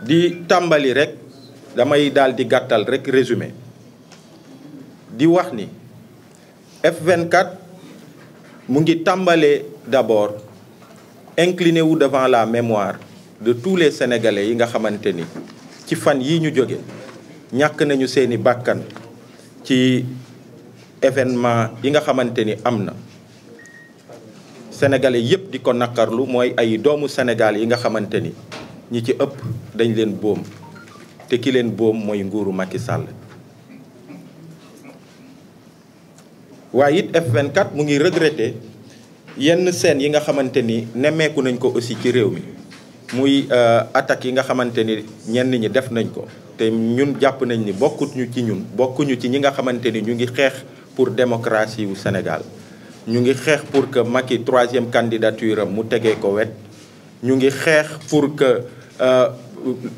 di tàmbali rek damay daal di gàttal rek résumé di wax ni F24 mu ngi tàmbalee d'abord incliné wu devant la mémoire de tous les Sénégalais yi nga xamante ni ci fan yi ñu jóge ñàkk nañu seeni bàkkan ci événement yi nga xamante ni am na senegale yépp di ko naqarlu mooy ay doomu Sénégal yi nga xamante ni ñi ci ëpp dañ leen boom te ki leen boom mooy nguuru Macky sàll waaye it F24 mu ngi regretté yenn scènes yi nga xamante ni nemmeeku nañ ko aussi ci réew mi muy euh, attaques yi nga xamante ni ñenn ñi def nañ ko te ñun jàpp nañ ni bokkuñu ci ñun bokkuñu ci ñi nga xamante ni ñu ngi xeex pour démocratie wu Sénégal ñu ngi xeex pour que Macky troisième candidature am mu tegee ko wet ñu ngi xeex pour que Euh,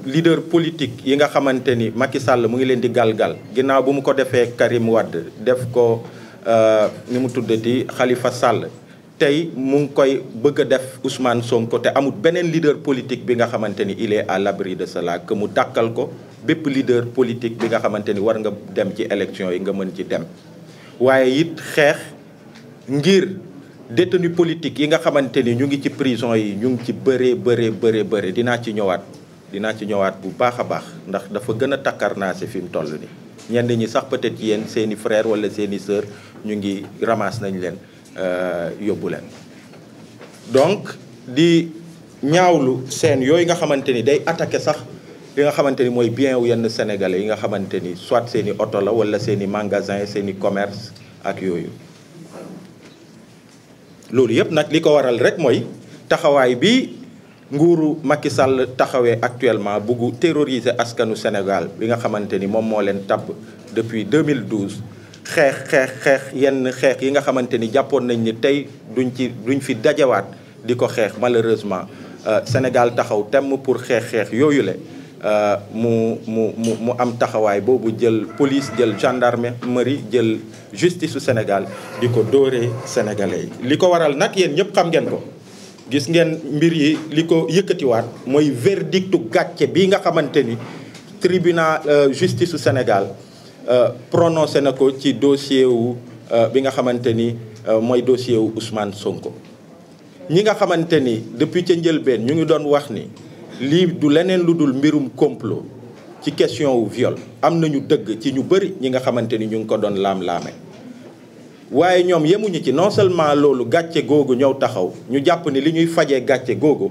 leader politique yi nga xamante ni Macky Sall mu ngi leen di galgal ginnaaw bu mu ko defee Karim Wade def ko euh, ni mu tuddati xalifa Sall tey mu ngi koy bëgg a def Ousmane Sonko te amul beneen leader politique bi nga xamante ni il est à l'abri de cela que mu dàkkal ko bépp leader politique bi nga xamante ni war nga dem ci élection yi nga mën ci dem waaye it xeex ngir détenu politique yi nga xamante ni ñu ngi ci prison yi ñu ngi ci bëree bëree bëree bëri dinaa ci ñëwaat dinaa ci ñëwaat bu baax a baax ndax dafa gën a takkarnaase fi mu toll ni ñenn ñi sax peut-être yéen seeni frère wala seeni sœur ñu ngi ramasse nañ leen euh, yóbbu leen donc di ñaawlu seen yooyu nga xamante ni day attaqué sax li nga xamante ni mooy bien wu yenn sénégalais yi nga xamante ni soit seeni oto la wala seeni magasin seeni commerce ak yooyu loolu yëpp nag li ko waral rek mooy taxawaay bi nguuru Macky Sall taxawee actuellement buggu terroriser askanu Sénégal bi nga xamante ni moom moo leen tabb depuis 2012 xeex xeex xeex yenn xeex yi nga xamante ni jàppoon nañ ni tey duñ ci duñ fi dajawaat di ko xeex malheureusement euh, Sénégal taxaw temm pour xeex xeex yooyu le Euh, mu mu mu mu am taxawaay boobu jël police jël gendarmerie jël justice su Sénégal di ko dóoree sénégalais yi. li ko waral nag yéen ñëpp xam ngeen ko gis ngeen mbir yi li ko yëkkatiwaat mooy verdictu gàcce bi nga xamante ni tribunal euh, justice su Sénégal euh, prononcé na ko ci dossier wu bi nga xamante ni mooy dossier wu Ousmane Sonko. ñi nga xamante ni depuis ca njëlbeen ñu ngi doon wax ni. lii du leneen lu dul mbirum complot ci question wu viol am nañu dëgg ci ñu bëri ñi nga xamante ni ñu ngi ko doon laam-laame waaye ñoom yemuñu ci non seulement loolu gàcce googu ñëw taxaw ñu jàpp ni li ñuy fajee gàcce googu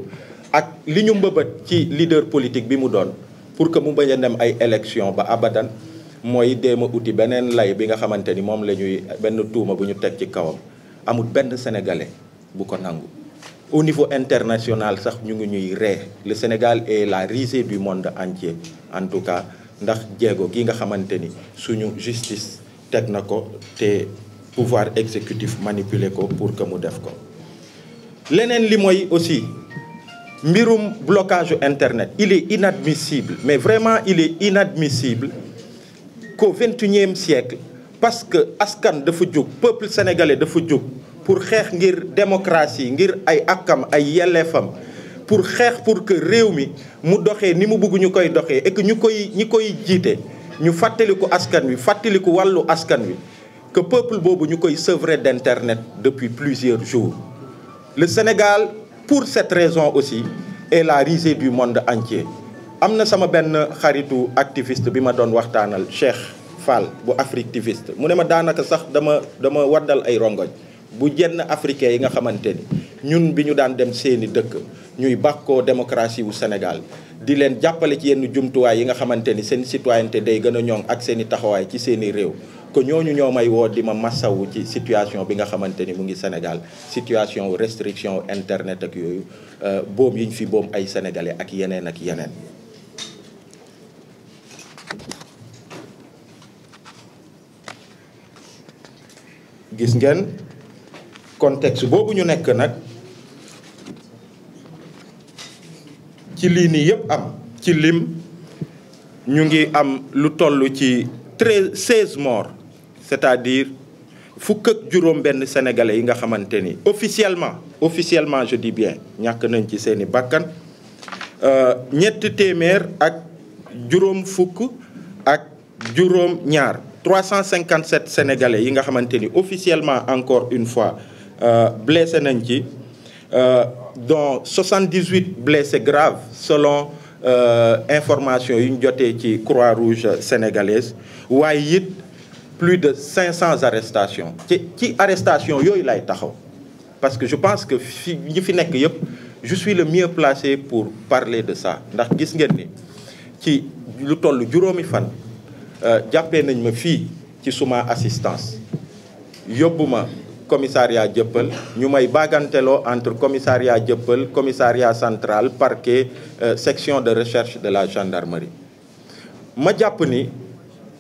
ak li ñu mbëbët ci leader politique bi mu doon pour que mu bañ a dem ay élection ba abadan mooy déema uti beneen lay bi nga xamante ni moom la ñuy benn tuuma bu ñu teg ci kawam amul benn sénégalais bu ko nangu au niveau international sax ñu ngi ñuy ree le Sénégal et la risée du monde entier en tout cas ndax jéego gi nga xamante ni suñu justice teg na ko te pouvoir exécutif manipuler ko pour que mu def ko leneen li mooy aussi mbirum blocage internet il est inadmissible mais vraiment il est inadmissible qu'au vingt et siècle parce que askan dafa jóg peuple sénégalais dafa jóg pour xeex ngir démocratie ngir ay akkam ay yelleefam pour xeex pour que réew mi mu doxee ni mu bëgg ñu koy doxee et ñu koy ñi koy jiite ñu fàttaliku askan wi fàttaliku wàllu askan wi que peuple boobu ñu koy sevrer d'internet depuis plusieurs jours le Sénégal pour cette raison aussi est la risée du monde entier am na sama benn xaritu activiste bi ma doon waxtaanal Cheikh Fall bu afrique Africtiviste mu ne ma daanaka sax dama dama waddal ay rongoñ bu jenn africain yi nga xamante ni ñun bi ñu daan dem seeni dëkk ñuy bàkkoo démocratie wu Sénégal di leen jàppale ci yenn jumtuwaay yi nga xamante ni seen citoyenneté day gën a ñoŋ ak seeni taxawaay ci seeni réew ko ñooñu ñoo may woo di ma massawu ci situation bi nga xamante ni mu ngi senegal situation wu restriction internet ak yooyu euh, boom yi ñu fi boom ay sénégalais ak yeneen ak yeneen. gis ngeen. contexte boobu ñu nekk nag ci lii nii yëpp am ci lim ñu ngi am lu toll ci treize seize morts c'est-à-dire fukk juróom-benn sénégalais yi nga xamante ni officiellement officiellement je bien ñàkk nañ ci seeni bakkan euh, ñett téeméer ak juróom fukk ak juróom ñaar 357 sénégalais yi nga xamante ni officiellement encore une fois Euh, blessé nañ ci euh, dont 78 blessés graves selon euh, information yu ñu jotee ci croix rouge sénégalaise waaye it plus de 500 arrestations ci ci arrestation yooyu lay taxaw parce que je pense que fi ñi fi nekk yëpp je suis le mieux placé pour parler de ça ndax gis ngeen ni ci lu toll juróomi fan jàppee nañ ma fii ci suma assistance yóbbu ma commissariat jëppal ñu may baaganteloo entre commissariat jëppal commissariat central parquet euh, section de recherche de la gendarmerie ma jàpp ni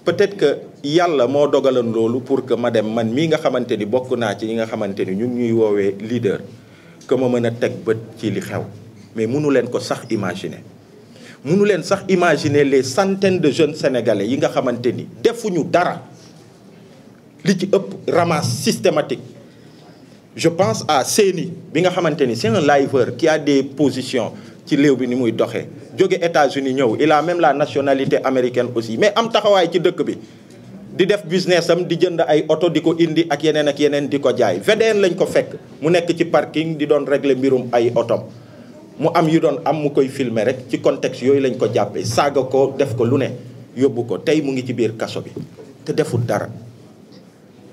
peut-être que yàlla moo dogalan loolu pour que ma dem man mii nga xamante ni bokk naa ci yi nga xamante ni ñun ñuy woowee leader que ma mën a teg bët ci li xew mais mënu leen ko sax imaginer mënu leen sax imaginer les centaines de jeunes sénégalais yi nga xamante ni defuñu dara li ci ëpp ramasse systématique je pense à Séni bi nga xamante ni c'est un liveur qui a des ci léew bi ni muy doxee jóge États-Unis ñëw il a même la nationalité américaine aussi mais am taxawaay ci dëkk bi di def business am di jënd ay oto di ko indi ak yeneen ak yeneen di ko jaay VDN lañ ko fekk mu nekk ci parking di doon réglé mbirum ay otom mu am yu doon am mu koy filmer rek ci contexte yooyu lañ ko jàppee saaga ko def ko lu ne yóbbu ko tey mu ngi ci biir kaso bi te deful dara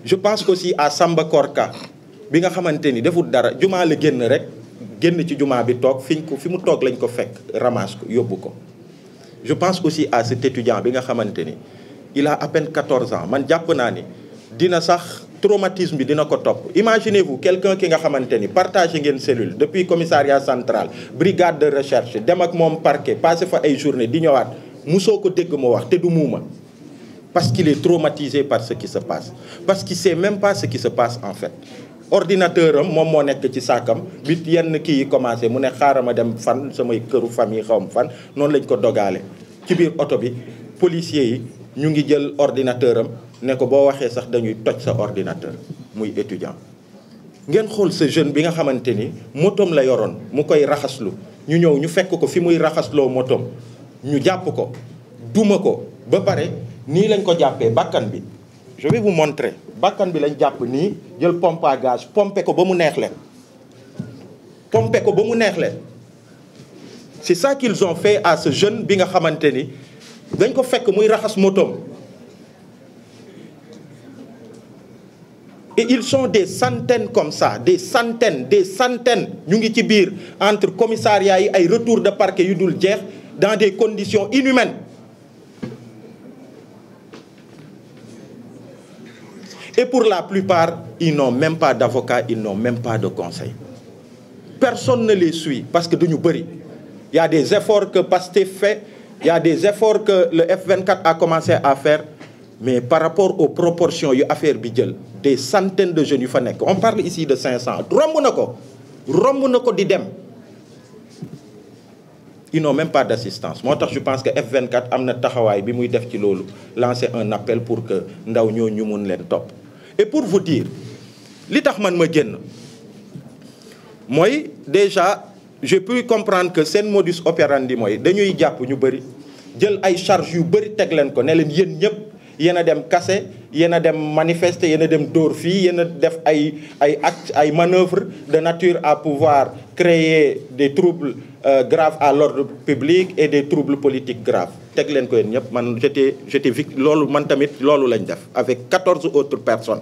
je pense aussi à Samba Korka bi nga xamante ni defut dara jumaa la génn rek génn ci jumaa bi toog fi fiñ ko fi mu toog lañ ko fekk ramasse ko yóbbu ko je pense aussi à cet étudiant bi nga xamante ni il a à peine 14 ans man jàpp naa ni dina sax traumatisme bi dina ko topp imaginez-vous quelqu'un ki nga xamante ni partagé ngeen cellule depuis commissariat central brigade de recherche dem ak moom parquet passé fa ay journée di ñëwaat musoo ko dégg mu wax te du muuma parce qu'il est traumatisé par ce qui se passe parce qu'il même pas ce qui en fait ordinateur am moom moo nekk ci saakam bi yenn kii yi commencé mu ne xaaral ma dem fan samay këru famille xaw ma fan noonu lañ ko dogaale ci biir oto bi policier yi ñu ngi jël ordinateur am ne ko boo waxee sax dañuy toj sa ordinateur muy étudiant ngeen xool sa jeune bi nga xamante ni motom la yoroon mu koy raxaslu ñu ñëw ñu fekk ko fi muy raxasloo motom ñu jàpp ko duma ko ba pare nii lañ ko jàppee bakkan bi je bu vous bakkan bi lañ jàpp nii jël pompe à pompe ko ba mu neex leen pompe ko ba mu neex leen c'est ça qu'ils ont fait à ce jeune bi nga xamante ni dañ ko fekk muy raxas motom et ils sont des centaines comme ça des centaines des centaines ñu ngi ci biir entre commissariat yi ay retour de parquet yu dul jeex dans des conditions inhumaines Et pour la plupart, ils n'ont même pas d'avocat, ils n'ont même pas de conseil. Personne ne les suit parce que de nous Il des efforts que Pastef fait, il y a des efforts que le F24 a commencé à faire, mais par rapport aux proportions, il y a affaire Bidjel, des centaines de jeunes On parle ici de 500. ils n'ont même pas d'assistance moo tax je pense que F24 am na taxawaay bi muy def ci loolu lancer un appel pour que ndaw ñoo ñu mun leen topp et pour vous dire li tax man ma génn mooy déjà j'ai pu comprendre que seen modus operandi mooy dañuy jàpp ñu bëri jël ay charges yu bëri teg leen ko ne leen yéen ñëpp yéen a dem kase yéen a dem manifester yéen a dem dóor fii yéen a def ay ay acte ay manœuvre de nature à pouvoir créer des troubles euh, graves à l'ordre public et des troubles politiques graves teg leen ko yéen ñëpp man j'étais j'étais loolu man tamit loolu lañ def avec quatorze autres personnes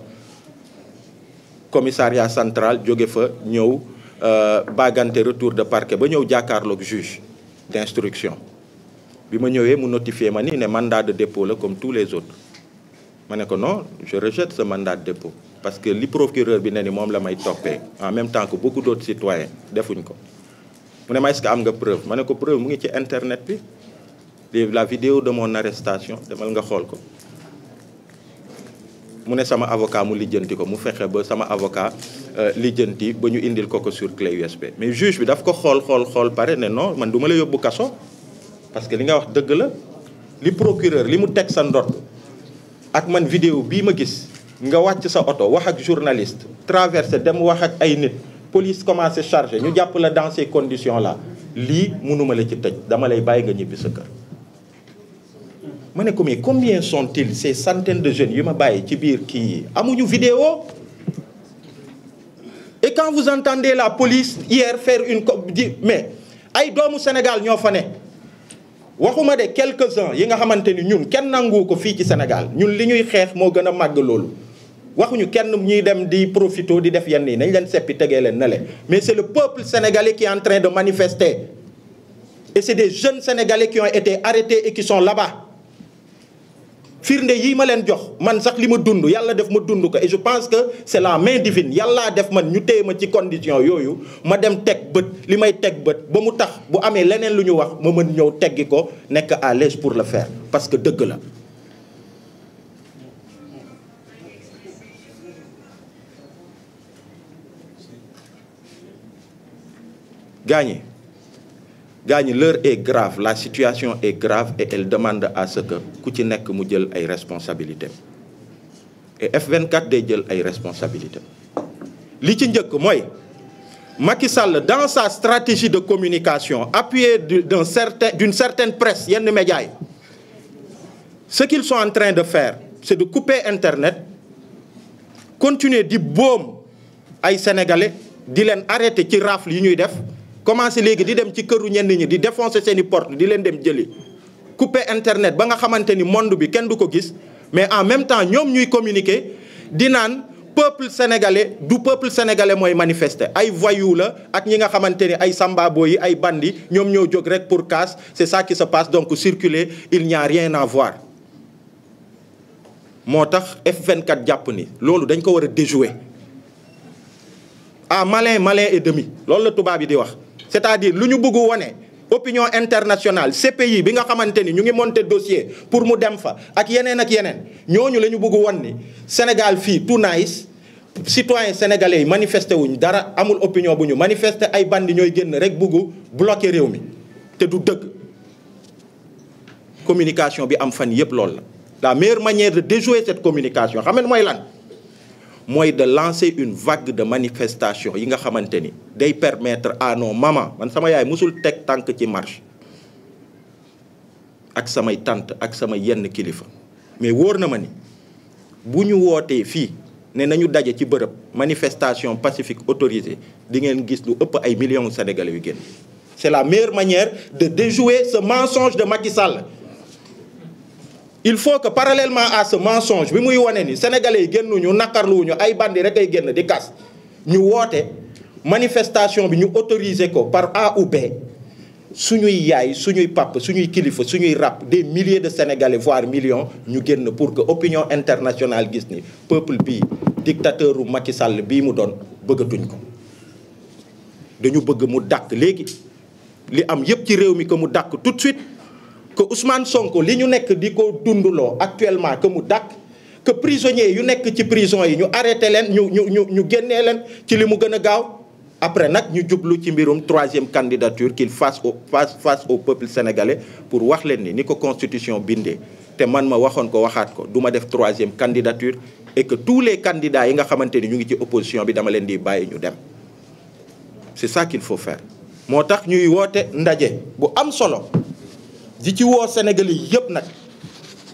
commissariat central jóge fa ñëw euh, bagante retour de parquet ba ñëw jàkkaarloog juge d'instruction bi ma ñëwee mu notifié ma ni ne mandat de dépôt la comme tous les autres ma ne ko non je rejette ce mandat de dépôt parce que li procureur bi ne ni moom la may toppee en même temps que beaucoup d'autres citoyens defuñ ko mu ne ma est-ce que am nga preuve ma ne ko preuve mu ngi ci internet bi la vidéo de mon arrestation demal nga xool ko mu ne sama avocat mu lijjanti ko mu fexe ba sama avocat euh, lijjanti ba ñu indil ko ko sur clé USB mais juge bi daf ko xool xool xool pare ne non man du ma la yóbbu kaso parce que li nga wax dëgg la li procureur li mu teg sa ndott ak man vidéo bii ma gis nga wàcc sa oto wax ak journaliste traversé dem wax ak ay nit police commencé chargé ñu jàpp la dans ces conditions là lii mënuma la ci tëj dama lay bàyyi nga ñibbi sa kër ma ne ko mais combien sont-ils ces centaines de jeunes yu ma bàyyi ci biir kii yi amuñu vidéo et quand vous entendez la police hier fair une co mais ay doomu Sénégal ñoo fa ne waxuma de quelques-uns yi nga xamante ni ñun kenn nangu ko fii ci Sénégal ñun li ñuy xeex moo gën a màgg loolu waxuñu kenn ñuy dem di profito di def yenn yi nañ leen seppi tegee leen na le mais c'est le peuple sénégalais qui est de manifester et c'est des jeunes sénégalais qui ont été arrêtés et qui sont là firnde yii ma leen jox man sax li ma dund yàlla def ma dund ko et je pense que c'est la main divine yàllaa def man ñu téye ma ci condition yooyu ma dem teg bët li may teg bët ba mu tax bu amee leneen lu ñu wax ma mën ñëw teggi ko nekk à l'aise pour le faire parce que dëgg la gaañe gaañi l'heure est grave la situation est grave et elle demande à ce ku ci nekk mu jël ay responsabilités et F24 day jël ay responsabilités li ci njëkk mooy Macky Sall dans sa stratégie de communication appuyée d'un certain d'une certaine presse yenn médias yi ce qu'ils sont en train de faire c'est de couper internet continuer di boom ay sénégalais di leen arrêter ci rafle yi ñuy def commencé léegi di dem ci këru ñenn ñi di défoncer seeni porte di leen dem jëli couper internet ba nga xamante ni monde bi kenn du ko gis mais en même temps ñoom ñuy communiquer di naan peuple sénégalais du peuple sénégalais mooy manifesté ay voyou la ak ñi nga xamante ni ay sambabo yi ay bandi ñoom ñoo jóg rek pour casse c'est ça qui se passe donc circuler il n'y a rien à moo tax f jàpp ni loolu dañ ko war a déjouer à malin et demi loolu la tubaab yi di wax c'est-à-dire lu ñu bëgg wone opinion internationale CPI bi nga xamante ni ñu ngi monter dossier pour mu dem fa ak yeneen ak yeneen ñooñu la ñu bëgg won ni Sénégal fii tout nice citoyen sénégalais yi manifesté wuñ dara amul opinion bu ñu manifester ay bandi ñooy génn rek bëgg bloquer réew mi te du dëgg communication bi am fan yépp lool la la meilleure manière de déjouer cette communication xam nga mooy lan mooy de lancer une vague de manifestation yi nga xamante ni day permettre à nos mamans man sama yaay mosul teg tànk ci marche ak samay tànt ak sama yenn kilifa mais wóor na ma ni bu ñu wootee fii ne nañu daje ci bërëb manifestation pacifique autorisée di ngeen gis lu ëpp ay millions sénégalais yu génn c'est la meilleure manière de déjouer ce mensonge de Macky Sall il faut que parallèlement à ce mensonge bi muy wane ni sénégalais yi génnuñu naqarluwuñu ay bandi rek ay génn di kas ñu woote manifestation bi ñu autoriser ko par A ou B suñuy yaay suñuy pàpp suñuy kilifa suñuy ràpp des milliers de sénégalais voire million ñu génn pour que opinion internationale gis ni peuple bii dictateur u Macky Sall bii mu doon bëggatuñ ko dañu bëgg mu dàq léegi li am yépp ci réew mi que mu dàkk tout de suite que Ousmane Sonko li ñu nekk di ko dunduloo actuellement que mu dàkk que prisonniers yu nekk ci prison yi ñu arrêté leen ñu ñu ñu ñu génnee leen ci li mu gën a gaaw après nag ñu jublu ci mbirum troisième kandidatur qu'il face au face face au peuple sénégalais pour wax leen ni ni ko constitution bindee te man ma waxoon ko waxaat ko duma def troisième candidature et que tous les candidats yi nga xamante ni ñu ngi ci opposition bi dama leen di bàyyi ñu dem c'est ça qu'il faut faire moo tax ñuy woote ndaje bu am solo di ci woo sénégalais yëpp nag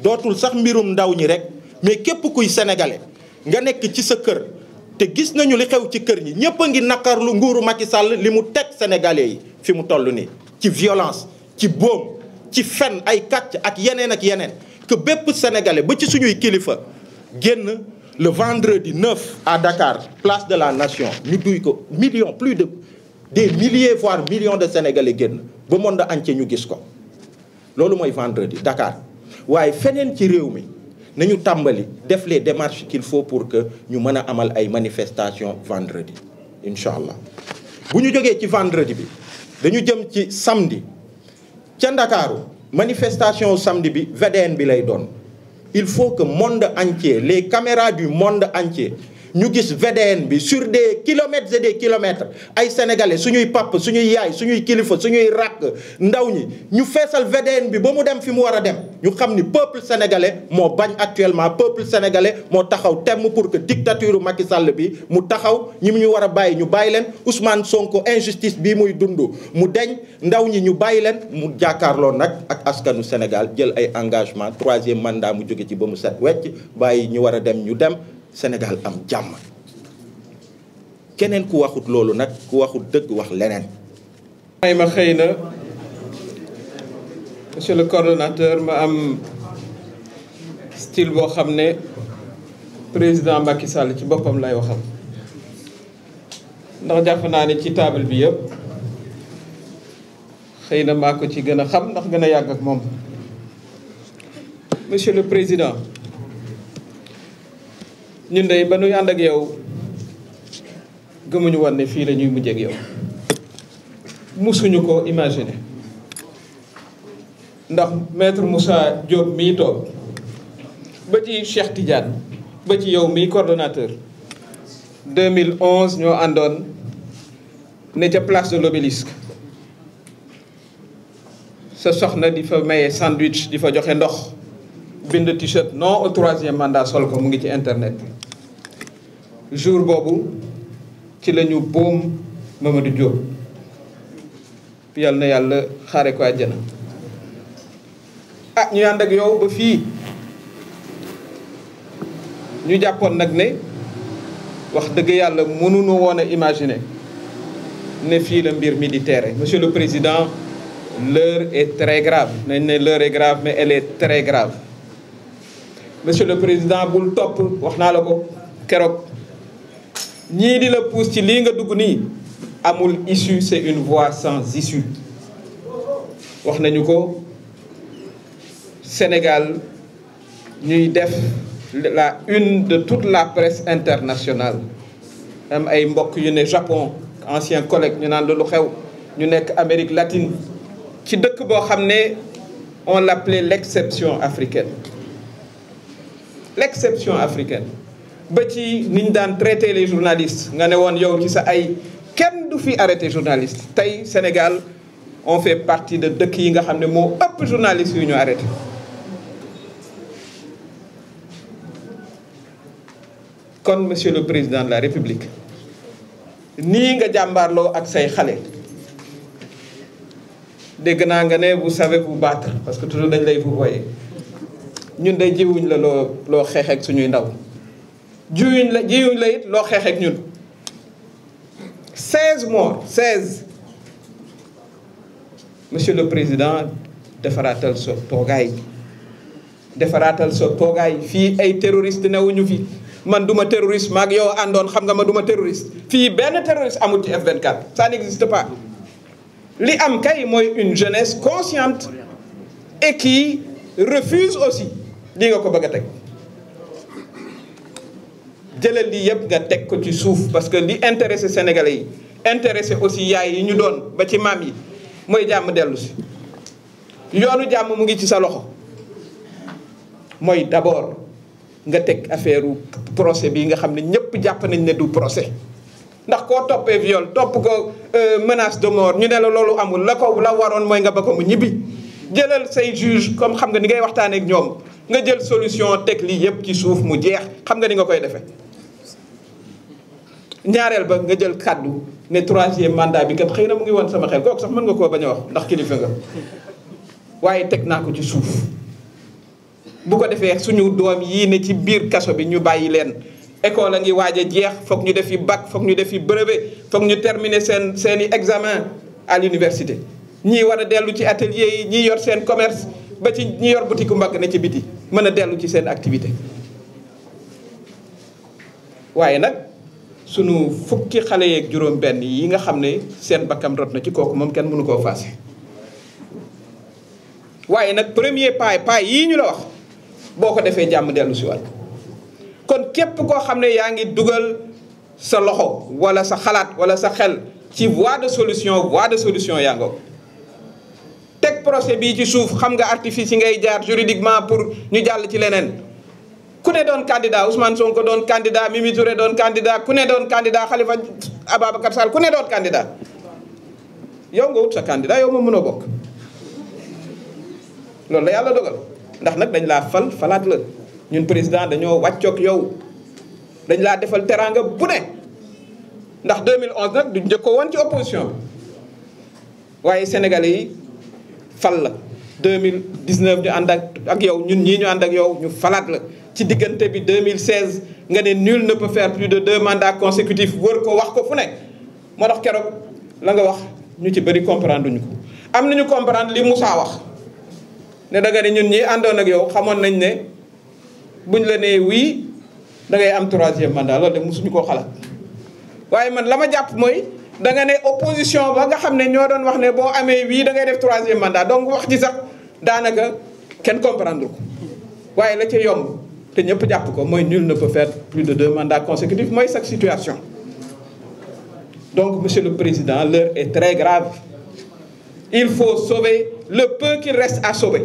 dootul sax mbirum ndaw ñi rek mais képp kuy sénégalais nga nekk ci sa kër te gis nañu li xew ci kër ñi ñëpp a ngi naqarlu nguuru Macky Sall li mu teg sénégalais yi fi mu toll nii ci violence ci boom ci fen ay kàcc ak yeneen ak yeneen que bépp sénégalais ba ci suñuy kilifa génn le vendredi 9 à Dakar place de la nation ñu duy ko million plus de des milliers voire millions de sénégalais génn ba monde entier ñu gis ko. loolu mooy vendredi dakaar waaye feneen ci réew mi nañu tàmbali def les démarches qu'il faut pour que ñu mën a amal ay manifestations vendredi incha allah. bu ñu jogee ci vendredi bi dañu jëm ci samedi ca Ndakaaru manifestation samedi bi VDN bi lay doon il faut que monde entier les caméras du monde entier. ñu gis VDN bi sur des kilomètres des kilomètres ay sénégalais suñuy papp suñuy yaay suñuy kilifa suñuy rakk ndaw ñi ñu feesal VDN bi ba mu dem fi mu war a dem ñu xam ni peuple sénégalais moo bañ actuellement peuple sénégalais moo taxaw temm pour que dictature Macky Sall bi mu taxaw ñi mu ñu war a bàyyi ñu bàyyi leen Ousmane sonk injustice bi muy dund mu deñ ndaw ñi ñu bàyyi leen mu jàkkaarloo nag ak askanu Sénégal jël ay engagement troisième mandat mu jóge ci ba mu set wecc bàyyi ñu war a dem ñu dem Sénégal am jàmm keneen ku waxut loolu nag ku waxut dëgg wax leneen. may ma xëy na monsieur le coordonnateur ma am style boo xam ne président Macky Sall ci boppam lay waxam ndax jàpp naa ne ci taabal bi yëpp xëy na maa ko ci gën a xam ndax gën a yàgg ak moom monsieur le président. ñun de ba nuy ànd ak yow gëmuñu won ne fii la ñuy mujjeek yow musuñu ko imaginer ndax maître Moussa Diop mii toog ba ci Cheikh Tidiane ba ci yow mii cordonateur mille 2011 ñoo àndoon ne ca place de l'obélisque sa soxna di fa maye sandwich di fa joxe ndox bind t-shirt non au troisième mandat sol ko mu ngi ci internet jour boobu ci la ñu boom Mamadou Diop yal na yàlla xaare ko àjjana ah ñu ànd ak yow ba fii ñu jàppoon nag ne wax dëgg yàlla mënuñu woon imagine ne fii la mbir di militaire monsieur le président leur est très grave nañ ne l'heure est grave mais elle est très grave monsieur le président bul topp wax naa la ko keroog ñii di la pousse ci lii nga dugg nii amul issue c'est une voie sans issue wax nañu ko Sénégal ñuy def la une de toute la presse internationale am ay mbokk yu ne Japon ancien collègue ñu naan loolu xew ñu nekk Amérique latine ci dëkk boo xam ne on la l'appelait l'exception africaine l'exception africaine ba ci niñ daan traité les journalistes nga ne woon yow ci sa ay kenn du fi arrêté journaliste tey Sénégal on fait partie de dëkk yi nga xam ne moo ëpp journaliste yu ñu arrêté kon monsieur le président de la république nii nga jàmbaarloo ak say xale dégg naa nga ne vous savez vous battre parce que toujours dañ lay vous voyez ñun de jiwuñ la loo loo xeex ak suñuy ndaw jiyuñ la jiyuñ la it loo xeexeek ñun 16 mois 16 monsieur le président defaraatal sa toogaay bi defaraatal sa toogaay fii ay terroriste newuñu fi man duma terroriste maag yow àndoon xam nga ma duma terroriste fii benn terroriste amul ci F24 ça n'existe pas li am kay mooy une jeunesse consciente et qui refuse aussi li nga ko bëgg a teg jëlal li yëpp nga teg ko ci suuf parce que li intéressé Sénégalais yi intéressé aussi yaay yi ñu doon ba ci maam yi mooy jàmm dellu si yoonu jàmm mu ngi ci sa loxo mooy d'abord nga teg affaire u procès bii nga xam ne ñëpp jàpp nañ ne du procès ndax koo toppee viol topp ko euh, menace de mort ñu ne la loolu amul la ko la waroon mooy nga ba ko mu ñibbi jëlal say juge comme xam nga ni ngay waxtaanee ak ñoom nga jël solution teg lii yëpp ci suuf mu jeex xam nga ni nga koy defee. ñaareel ba nga jël kàddu ne troisième mandat bi kat xëy na mu ngi woon sama xel kooku sax mën nga koo bañ a wax ndax kilifa nga waaye teg naa ko ci suuf bu ko defee suñu doom yii ne ci biir kaso bi ñu bàyyi leen école a ngi waaja jeex foog ñu def yi bac foog ñu def yi brevet foog ñu terminer seen seen i examen à l'université ñii war a dellu ci atelier yi ñii yor seen commerce ba ci ñi yor boutique mbagg na ci biti mën a dellu ci seen activité waaye nag sunu fukki xale yeeg juróom-benn yi nga xam ne seen bakkam rot na ci kooku moom kenn mënu koo faase waaye nag premier pas pas yii ñu la wax boo ko defee jàmm dellu si waat kon képp koo xam ne yaa ngi dugal sa loxo wala sa xalaat wala sa xel ci voie de solution voie de solution yaa ngoog teg procès bii ci suuf xam nga artifice yi ngay jaar juridiquement pour ñu jàll ci leneen. ku ne doon candidat Ousmane Sonko doon candidat Mimi Touré doon candidat ku ne doon candidat Khalifa Ababacar Sall ku ne doon candidat yow nga wut sa candidat yow moom mënoo bokk loolu la yàlla dogal ndax nag dañ laa fal falaat la ñun président dañoo wàccoog yow dañ laa defal teraanga bu ne ndax 2011 nag du njëkkoo wan ci opposition bi waaye sénégalais yi fal la 2019 ñu ànd ak ak yow ñun ñii ñu ànd ak yow ñu falaat la ci diggante bi deux mille 2016 nga ne nul ne peut faire plus de deux mandats consécutifs wër ko wax ko fu ne moo tax keroog la nga wax ñu ci bëri comprendre ñu ko am nañu comprendre li Moussa wax ne danga ne ñun ñi àndoon ak yow xamoon nañ ne buñ la ne wii dangay am troisième mandat loolu de mosuñu koo xalaat waaye man la ma jàpp mooy da nga ne opposition ba nga xam ne ñoo doon wax ne boo amee wii da ngay def troisième mandat donc wax ci sax daanaka kenn comprendre ko waaye la ca yomb te ñëpp jàpp ko mooy nul ne peut faire plus de deux mandats consécutifs mooy chaque situation donc monsieur le président l'heure est très grave il faut sauver le peu qu'il reste à sauver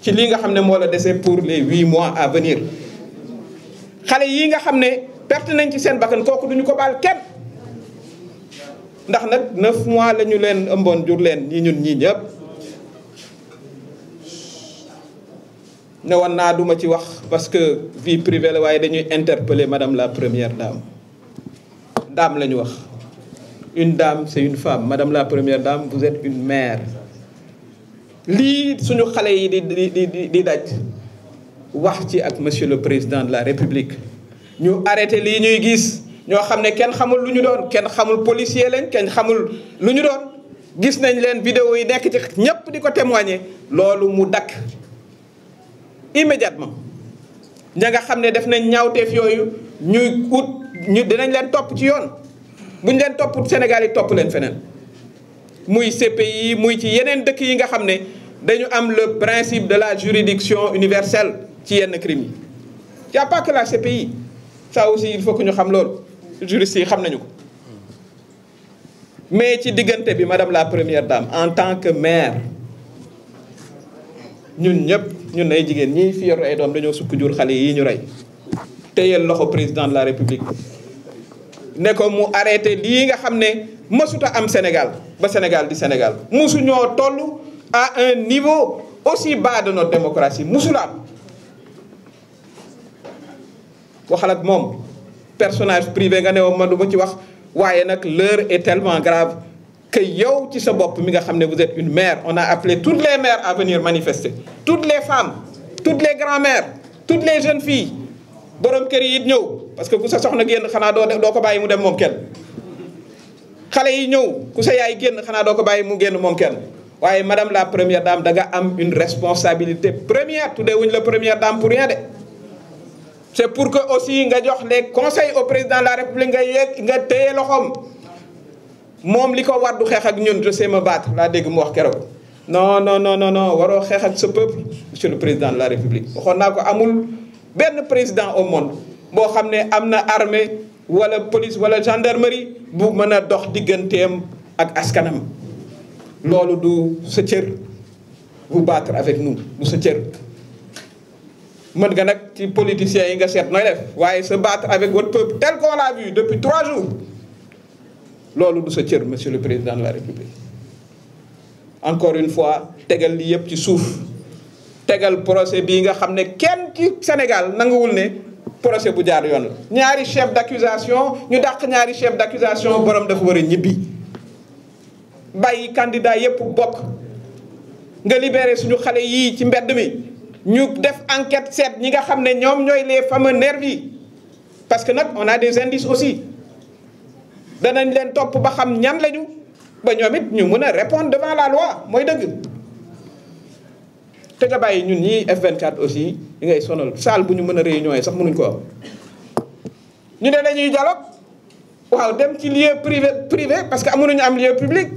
ci li nga xam ne moo la dese pour les huit mois à venir xale yi nga xam ne perte nañ ci seen bakkan kooku duñu ko baal kenn ndax nag neuf mois la ñu leen ëmboon jur leen ñi ñun ñii ñëpp ne woon naa duma ci wax parce que vie privée la waaye dañuy interpeller madame la première dame dame la ñu wax une dame c'est une femme madame la première dame vous êtes une mère lii suñu xale yi di di di daj wax ci ak monsieur le président de la république ñu arrêté lii ñuy gis ñoo xam ne kenn xamul lu ñu doon kenn xamul policier lañ kenn xamul lu ñu doon gis nañ leen vidéo yi nekk ci ñépp di ko témoigner loolu mu dakk immédiatement ña nga xam ne def nañ ñaawteef yooyu ñuy ut ñu dinañ leen topp ci yoon buñ leen topp Sénégal yi topp leen feneen muy yi muy ci yeneen dëkk yi nga xam ne dañu am le principe de la juridiction universelle ci yenn crimes yi y a pas que la CPI aussi il faut ñu xam loolu juristes yi xam nañu ko mais ci diggante bi madame la première dame en tant que maire ñun ñëpp ñun ay jigéen ñi fi yor ay doom dañoo sukk jur xale yi ñu rey te loxo président de la république ne ko mu arrêté lii nga xam ne mësuta am Sénégal ba Sénégal di Sénégal musu ñoo toll à un niveau aussi bas de notre démocratie musula am moom personnage privé nga ne woon ma du ma ci wax waaye nag leur est tellement grave que yow ci sa bopp mi nga xam ne vous êtes une maire on a appelé toutes les mères à venir manifester toutes les femmes toutes les grand-mères toutes les jeunes filles borom kër yi ñëw parce que ku sa soxna génn xanaa doo doo ko bàyyi mu dem moom kenn. xale yi ñëw ku sa yaay génn xanaa doo ko bàyyi mu génn moom kenn waaye madame la première dame da am une responsabilité première tuddee wuñ la première dame pour rien de. c'est pour que aussi nga jox les conseils au président la république nga yegg nga téye loxoom. moom li ko war du xeex ak ñun je seema me battre laa dégg mu wax keroog no non no no non waroo xeex sa peuple monsieur le président de la république waxoon naa ko amul benn président au monde boo xam ne am na armée wala police wala gendarmerie bu mën a dox digganteem ak askanam loolu du sa cër vous battre avec nous du sa cër mën ga nag ci politiciens yi nga seet nooy def waaye sa battre avec votre peuple tel qu'on l'a vu depuis trois jours loolu du sa cër monsieur le président de la république encore une fois tegal lii yëpp ci suuf tegal procès bii nga xam ne kenn ci Sénégal nanguwul ne procès bu jaar yoon la ñaari chef d'accusation ñu dàq ñaari chef d'accusation borom dafa war a ñibbi bàyyi candidat yëpp bokk nga libéré suñu xale yi ci mbedd mi ñu def enquête seet ñi nga xam ne ñoom ñooy les fameux nervis parce que nag on naa des indices aussi danañ leen topp ba xam ñan lañu ba ñoom it ñu mën a répondre devant la loi mooy dëgg te nga ñun ñii F24 aussi li ngay sonal salle bu ñu mën a réunion yi sax mënuñ ko am ñu ne dañuy dialogue waaw dem ci lieu privé privé parce que amuñu am lieu public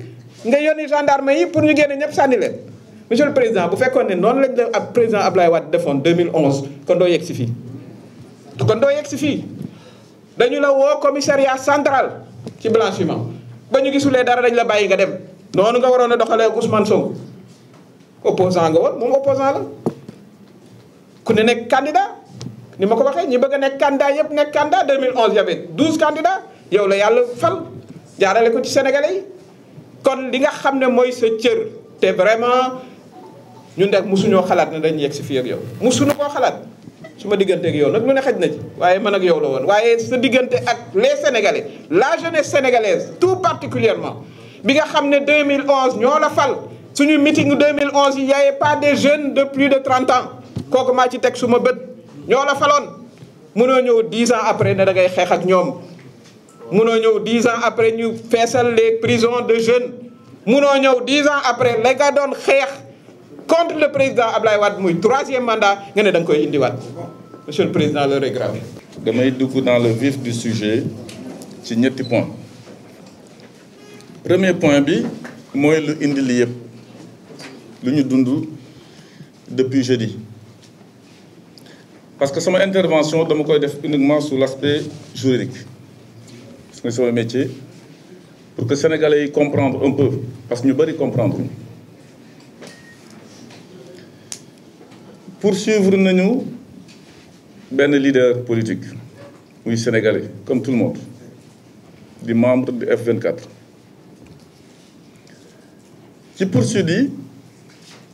nga yónni gendarme yi pour ñu génne ñëpp sànni leen monsieur le président bu fekkoon ne noonu lañ la ab président Ablaye Wade defoon 2011 kon doo yegg si fii kon doo yegg si fii dañu la woo commissariat central ci blanchiment ba ñu gisulee dara dañ la bàyyi nga dem noonu nga waroon a doxalee ak Ousmane Sonko opposant nga woon moom opposant la ku ne nekk candidat ni ma ko waxee ñi bëgg a nekk candidat yëpp nekk candidat 2011 y'avait 12 candidats yow la yàlla fal jaarale ko ci Sénégalais kon li nga xam ne mooy sa cër te vraiment ñun nag mosuñoo xalaat ne dañ yegg si fii ak yow mosuñu koo xalaat su ma diggante ak yow nag lu ne xaj na ci waaye mën ak yow la woon waaye sa diggante ak les sénégalais la jeunesse sénégalaise tout particulièrement bi nga xam ne 2011 ñoo la fal suñu meeting 2011 yi y'avait pas des jeunes de plus de 30 ans kooku maa ci teg su ma bët ñoo la faloon mënoo ñëw dix ans après ne da ngay xeex ak ñoom mënoo ñëw 10 ans après ñu feesal les prisons de jeunes mënoo ñëw 10 ans après la nga doon xeex contre le président Ablaye Wade muy troisième mandat nga ne da nga koy indiwaat monsieur le président l'heure damay dugg dans le vif du sujet ci ñetti point premier point bi mooy lu indi li yëpp lu ñu dund depuis jeudi parce que sama intervention dama koy def uniquement sous l'aspect juridique parce que sama métier pour que sénégalais yi comprendre un peu parce que ñu bari comprendre. poursuivre nañu benn leader politique muy sénégalais comme tout le monde di membre du f ci poursuite yi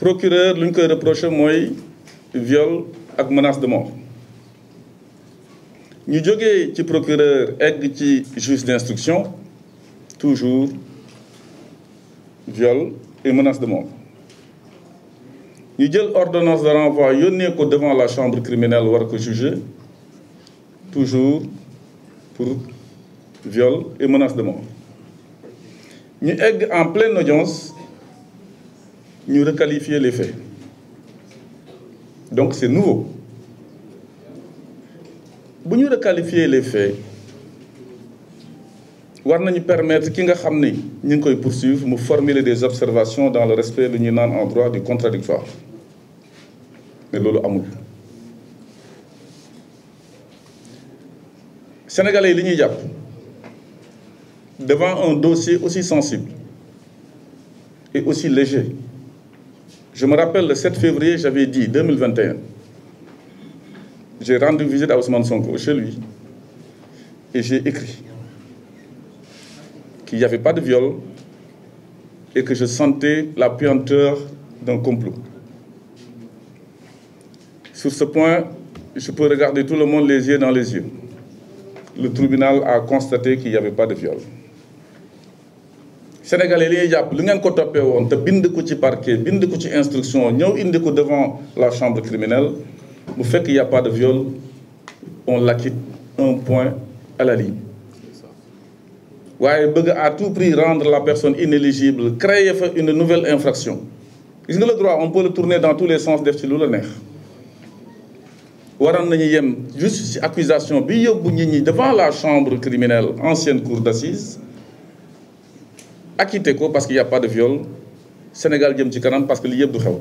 procureur lu ñu koy reproché mooy viol ak menace de mort ñu jógee ci procureur egg ci juge d'instruction toujours viol et menace de mort ñu jël ordonnance de renvoi yónnee ko devant la chambre criminelle war ko juger toujours pour viol et menace de mort ñu egg en pleine audience ñu requalifier les fait donc c'est nouveau bu ñu requalifier les faits war nañu permettre ki nga xam ni ñu ngi koy poursuivre mu formuler des observations dans le respect lu ñuy naan en droit du contradictoire ne loolu amul sénégalais yi li ñuy jàpp devant un dossier aussi sensible et aussi léger je me rappelle le 7 février j'avais dit 2021 j'ai rendu visite à Ousmane Sonko chez lui et j'ai écrit qu'il n'y avait pas de viol et que je sentais la puanteur d'un complot Sur ce point, je peux regarder tout le monde les yeux dans les yeux. Le tribunal a constaté qu'il n'y avait pas de viol. Sénégalais y jàpp lu ngeen ko toppee woon te bind ko ci parquet bind ko ci instruction ñëw indi ko devant la chambre criminelle bu fekk y a pas de viol on l'acquitte un point à la ligne waaye bëgg à tout prix rendre la personne inéligible créer fa une nouvelle infraction gis nga le droit on peut le tourner dans tous les sens def ci lu la waroon nañu yem juste ci accusation bi yóbbu nit ñi devant la chambre criminelle ancienne cour d'assises acquitté ko parce qu'il y a pas de viol Sénégal jëm ci kanam parce que li yëpp du xew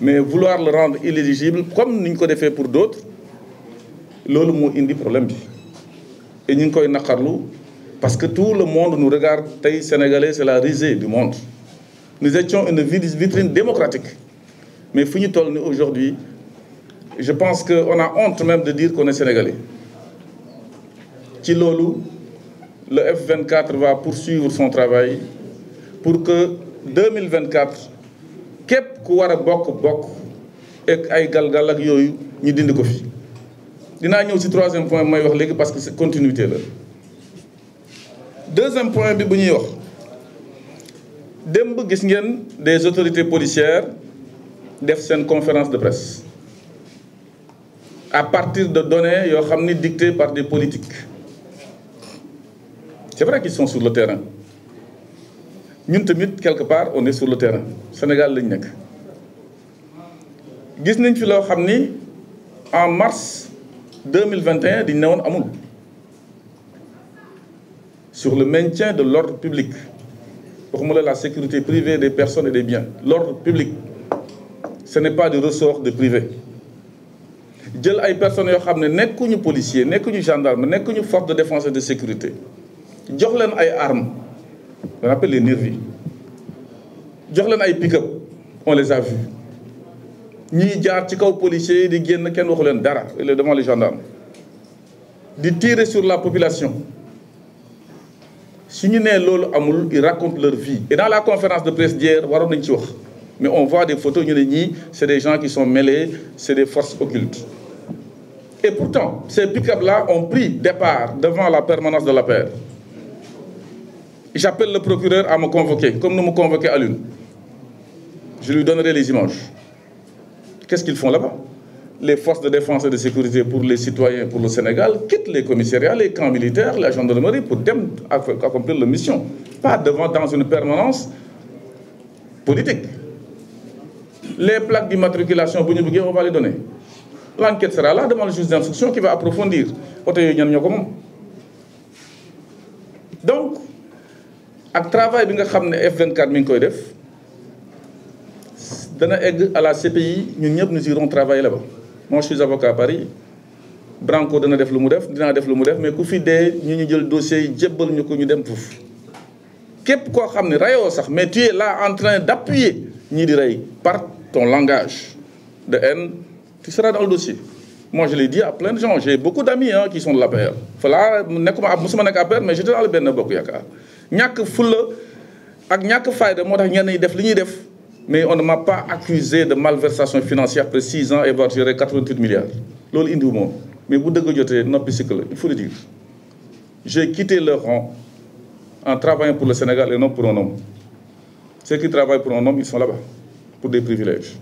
mais vouloir le rendre inéligible comme ni ñu ko defee pour d'autres loolu moo indi problème bi et ñu ngi koy naqarlu parce que tout le monde nous regarde tey sénégalais c'est la risée du monde nous étions une vitrine démocratique mais fu ñu toll ni aujourd'hui je pense qu'on a honte même de dire qu'on est sénégalais ci loolu le F24 va poursuivre son travail pour que 2024 képp ku war a bokk bokk ak ay galgal ak yooyu ñu dindi ko fi dinaa ñëw si troisième point mooy wax léegi parce que c'est continuité la deuxième point bi bu ñuy wax démb gis ngeen des autorités policières def seen conférence de presse à partir de données yoo xam ni dictées par des politiques c'est vrai qu'ils sont sur le terrain ñun tamit quelque part on est sur le terrain Sénégal lañ nekk gis nañ fi loo xam ni en mars 2021 diñ ne woon amul sur le maintien de l'ordre public waxuma la la sécurité privée des personnes et des biens l'ordre public ce n'est pas du ressort de privé jël ay personnes yoo xam ne nekkuñu policier nekkuñu gendarme nekkuñu force de défense et de sécurité jox leen ay armes on appelle les jox leen ay pick-up on les a ñuy jaar ci kaw policier yi di génn kenn waxu leen dara devant les gendarmes di tirer sur la population su ñu nee loolu amul ils racontent leur vie et dans la conférence de presse d'hier waroon nañ ci wax mais on voit des photos ñu ne ñii c'est des gens qui sont mêlés c'est des forces occultes et pourtant ces pick-up là ont pris départ devant la permanence de la paix j'appelle le procureur à me convoquer comme nous me convoquait à l'une je lui donnerai les images qu'est-ce qu'ils font là-bas les forces de défense et de sécurité pour les citoyens pour le Sénégal quittent les commissariats les camps militaires la gendarmerie pour dem accomplir leur mission pas devant dans une permanence les plaques matriculation bu ñu bëggee on va les donner l'enquête sera là devant le juge d'instruction va approfondir oto yooyu ñan ñoo ko moom donc ak travail bi nga xam ne F24 mi ngi koy def dana egg à la CPI ñun ñëpp nous irons travailler là-bas moi je suis avocat Paris Branco dana def lu mu def dinaa def lu mu def mais ku fi dee ñu ñu jël dossier yi jébbal ñu ko ñu dem foofu képp koo xam ne rayoo sax mais tu es là en train d'appuyer ñii di rey ton langage de haine, tu seras dans le dossier. Moi, je l'ai dit à plein de gens. J'ai beaucoup d'amis qui sont de l'APR. Fala, nekkuma musuma nekk APR mais j'étais dans le Benno Bokk Yaakaar ñàkk fulla ak ñàkk fayda moo tax ñenn ñi def li ñuy def mais on ne m'a pas accusé de malversation financière après 6 ans et avoir géré 88 milliards loolu indiwu moom mais bu dëgg jotee noppi sikk la il faut le dire j'ai quitté le rang en travaillant pour le Sénégal et non pour un homme pour un homme ils sont pour des privilèges.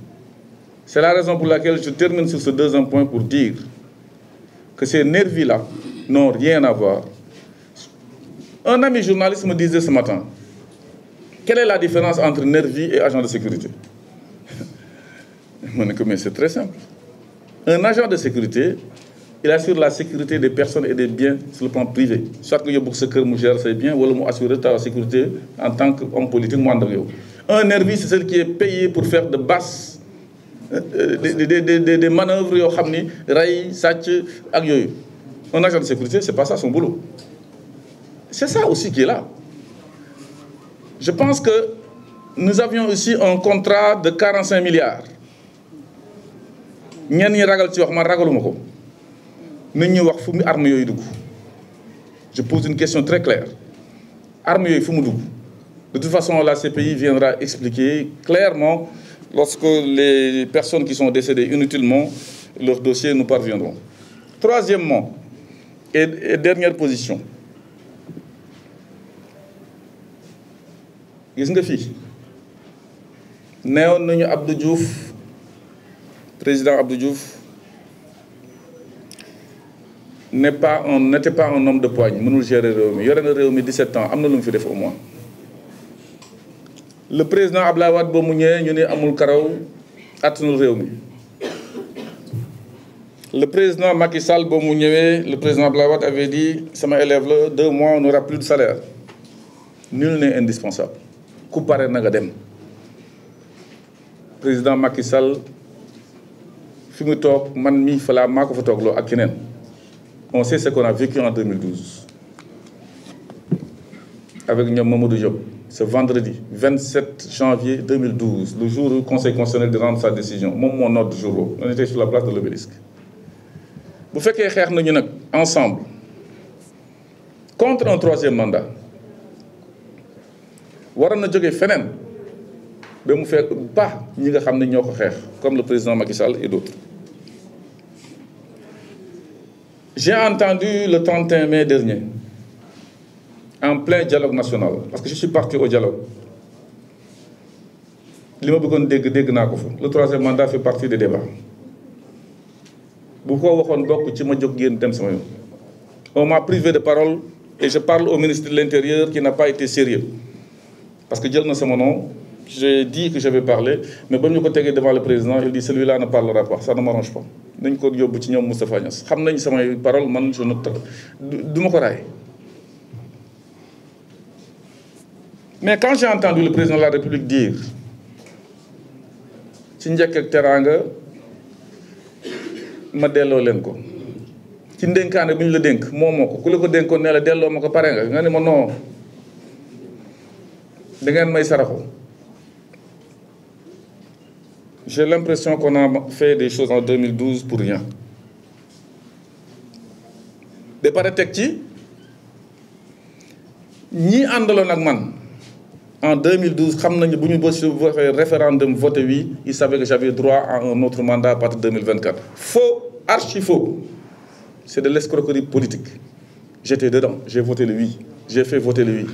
C'est la raison pour laquelle je termine sur ce deuxième point pour dire que ces nervis-là n'ont rien à voir. Un ami journaliste me disait ce matin, quelle est la différence entre nervi et agent de sécurité Mais c'est très simple. Un agent de sécurité il assure la sécurité des personnes et des biens sur le plan privé soit nga yóbbu sa kër mu gérer say biens wala mu assurer ta sécurité en tant que homme politique mu ànd ak yow un nervi c'est pour faire de basses euh, euh, des des des des yoo xam ni rey sàcc ak yooyu un agent de sécurité c'est pas ça son boulot c'est ça aussi qui est là je pense que nous avions aussi un contrat de 45 milliards ñenn ñi ragal ci ma man ragaluma ko nañ ñu wax fu mu arme yooyu dugg je pose une question très claire arme yooyu fu mu dugg de toute façon la CPI viendra expliquer clairement lorsque les personnes qui sont décédées inutilement leurs dossiers nous parviendront troisièmement et dernière position gis nga fii neewoon nañu Abdou Diouf président Abdou Diouf ne pas un n'était pas un homme de poigne mënul gérer réew mi yore na réew mi 17 ans am na lu mu fi def au moins. le président Ablaye wat ba mu ñëwee ñu ne amul karaw attanul réew mi le président Macky Sall ba mu ñëwee le président Ablaye Wade avait di sama élève la deux mois on n'aura plus de salaire nul n'est indispensable ku pare na nga dem président Macky Sall fi mu toog man mii falaa maa ko fa toogloo ak keneen. on sait ce qu'on a vécu en 2012 avec ñoom Mamadou Diop ce vendredi 27 janvier 2012 le jour où le conseil constitutionnel de rendre sa décision moom moo noot jour boobu on était sur la place de l'obélisque bu fekkee xeex nañu nag ensemble contre un troisième mandat waroon na jóge feneen ba mu fekk pa ñi nga xam ne ñoo ko xeex comme le président Macky Sall et d'autres J'ai entendu le 31 mai dernier, en plein dialogue national, parce que je suis parti au dialogue. Le troisième mandat fait partie des débats. On m'a privé de parole et je parle au ministre de l'Intérieur qui n'a pas été sérieux. Parce que jël na sait mon j'ai dit que je vais parler mais ba ñu ko tegee devant le président il dit celui-là ne parlera pas ça ne m'arrange pas nañ ko yóbbu ci ñoom Moustapha Niass xam nañ samay parole man je ne du ma ko raay mais quand j'ai entendu le président de la République dire ci njëkk ak teraanga ma delloo leen ko ci ndénkaane bu ñu la dénk moom ko ku la ko dénkoon nee la delloo ma ko pare nga nga ne ma non da may saraxu J'ai l'impression qu'on a fait des choses en 2012 pour rien. ba pare teg ci ñii àndaloon ak man en 2012 xam nañu bu ñu waxee référendum voté wi il savait que j'avais droit à un autre mandat à partir de 2024. faux archi faux c'est de l'escroquerie politique j'étais dedans j'ai voté le oui j'ai fait voter le oui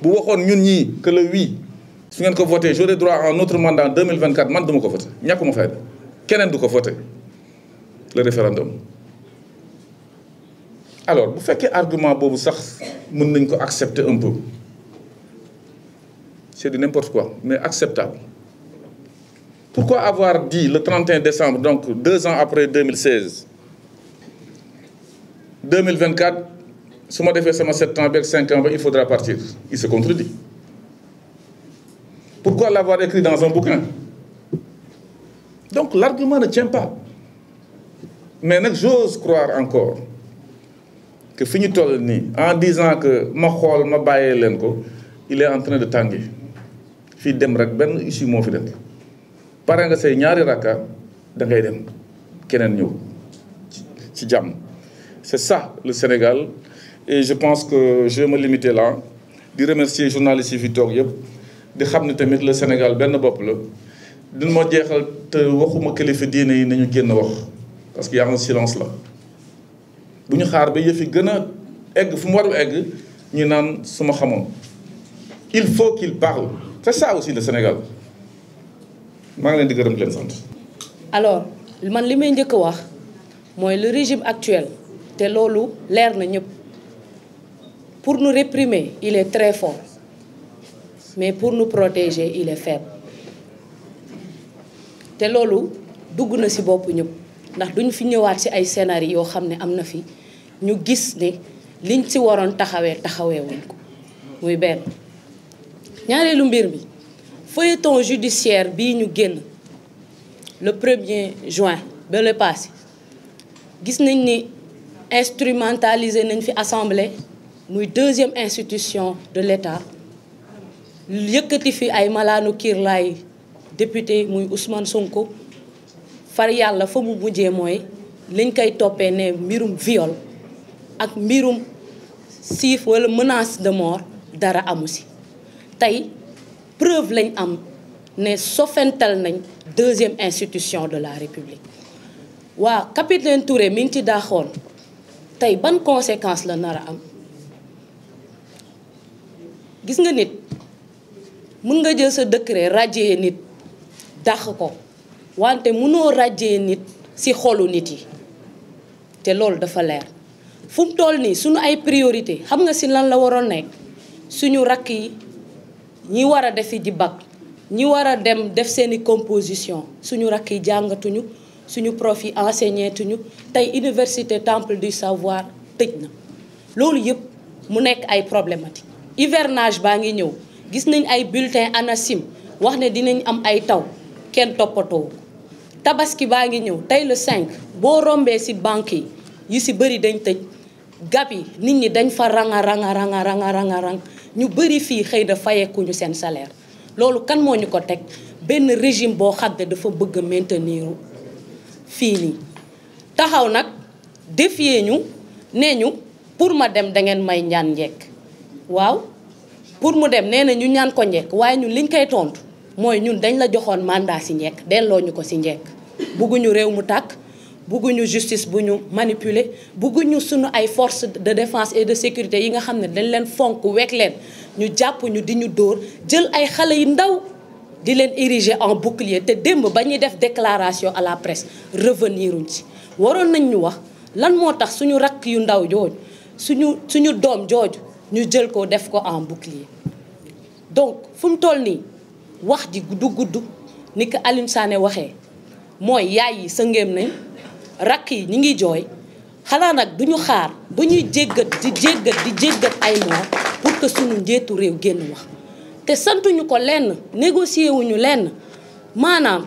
bu waxoon ñun ñii que le oui. su ngeen ko voté j'aurai droit à un autre mandat en 2024 man du ma ko voté ñàkkuma keneen du ko voté le référendum alors bu fekkee argument boobu sax mën nañ ko accepter un peu c'est du n'importe quoi mais acceptable pourquoi avoir dit le 31 décembre donc deux ans après 2016 2024 su ma defee sama sept ans beeg cinq ans ba il faudra partir il se contredit Pourquoi l'avoir écrit dans un bouquin Donc l'argument ne tient pas. Mais nag j'ose croire encore que fi ñu Finitolni, en disant que ma xool Mahol Mabayelenko, il est en train de tanguer. Fi dem rek ben ici moo fi dem. Paré nga say ñaari raka da ngay dem kenen ñew ci jam. C'est ça le Sénégal e je pense que je vais me di là. Je remercier fi toog qui di xam ne tamit la Sénégal benn bopp la din moo jeexal te waxuma kilifa diine yi nañu génn wax parce que y a silence la bu ñu xaar ba yëf yi gën a egg fu mu warul egg ñu naan su ma xamoon il faut qu'il parle c'est ça aussi le Sénégal maa ngi leen di gërëm leen sant alors man li may njëkk wax mooy le régime actuel te loolu leer na ñëpp pour nous réprimer il est très fort mais pour nu protéger il est faible te loolu dugg na si bopp ñëpp ndax duñ fi ñëwaat si ay scénario yoo xam ne am na fi ñu gis ne liñ si waroon taxawee taxawee wuñ ko muy benn ñaareelu mbir mi feuilleton judiciaire bii ñu génn le premier juin ba le passé gis nañ ni instrumentaliser nañ fi assemblée muy deuxième institution de l'État yëkkati fi ay malaanu kiirlaay député muy Ousmane Sonko far yàlla fa mu mujjee mooy lañ koy toppee ne mbirum viol ak mbirum siif wala menace de mort dara amu ci tey preuve lañ am ne sofental nañ deuxième institution de la république waa capitaine Touré mi ngi ci daaxoon tey ban conséquence la nara am gis nga nit mën nga jël sa décret radier nit dàq ko wante mënoo radier nit ci xolu nit yi te loolu dafa leer fu mu toll nii suñu ay priorité xam nga si lan la waroon nekk suñu rakk yi ñi war a defi ji bac ñi war a dem def seeni composition suñu rakk yi jàngatuñu suñu prof yi enseignetuñu tey université temple du savoir tëj na loolu yëpp mu nekk ay problématique hivernage baa ngi ñëw gis nañ ay bulletin ANACIM wax ne dinañ am ay taw kenn toppatoo tabaski baa ngi ñëw tey le 5 boo rombee ci banque yi yu ci bëri dañ tëj gab yi nit ñi dañ fa ranga ranga ranga ranga ranga rang ñu bëri fii xëy da fayekuñu seen salaire loolu kan moo ñu ko teg benn régime boo xam ne dafa bëgg a maintenir fii nii taxaw nag défier ñu nee ñu pour ma dem dangeen may ñaan njekk waaw pour mu dem nee na ñu ñaan ko njekk waaye ñun liñ koy tontu mooy ñun dañ la joxoon mandat si njekk delloo ñu ko si njekk bugguñu réew mu tàkk bugguñu justice bu ñu manipuler bugguñu suñu ay force de défense et de sécurité yi nga xam ne dañ leen fonk week leen ñu jàpp ñu di ñu dóor jël ay xale yu ndaw di leen ériger en bouclier te démb ba ñuy def déclaration à la presse revenir uñ ci waroon nañ ñu wax lan moo tax suñu rakk yu ndaw jooju suñu suñu doom jooju ñu jël ko def ko en bouclier donc fu mu toll nii wax ji du gudd ni ko waxee mooy yaay yi sa sëngeem nañ rakk yi ñu ngi jooy xanaa nag duñu ñu xaar ba ñuy jéggat di jéggat di jéggat ay mois pour que suñu njiitu réew génn wax te santuñu ko lenn négocier wuñu lenn maanaam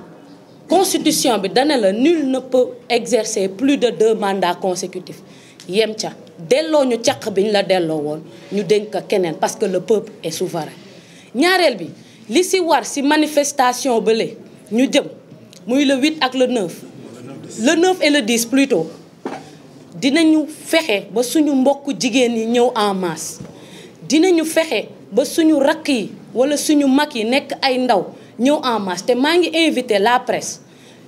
constitution bi dana la nul nëpp exerce exercer plus de deux mandats consécutifs yem ca delloo ñu caq bi ñu la delloo woon ñu denk ko keneen parce que le peuple et souverain. ñaareel bi li si war si manifestation ba le ñu jëm muy le 8 ak le 9 le 9 et le 10 plutôt dinañu fexe ba suñu mbokku jigéen yi ñëw en masse dinañu fexe ba suñu rakk yi wala suñu mag yi nekk ay ndaw ñëw en masse te maa ngi invité la presse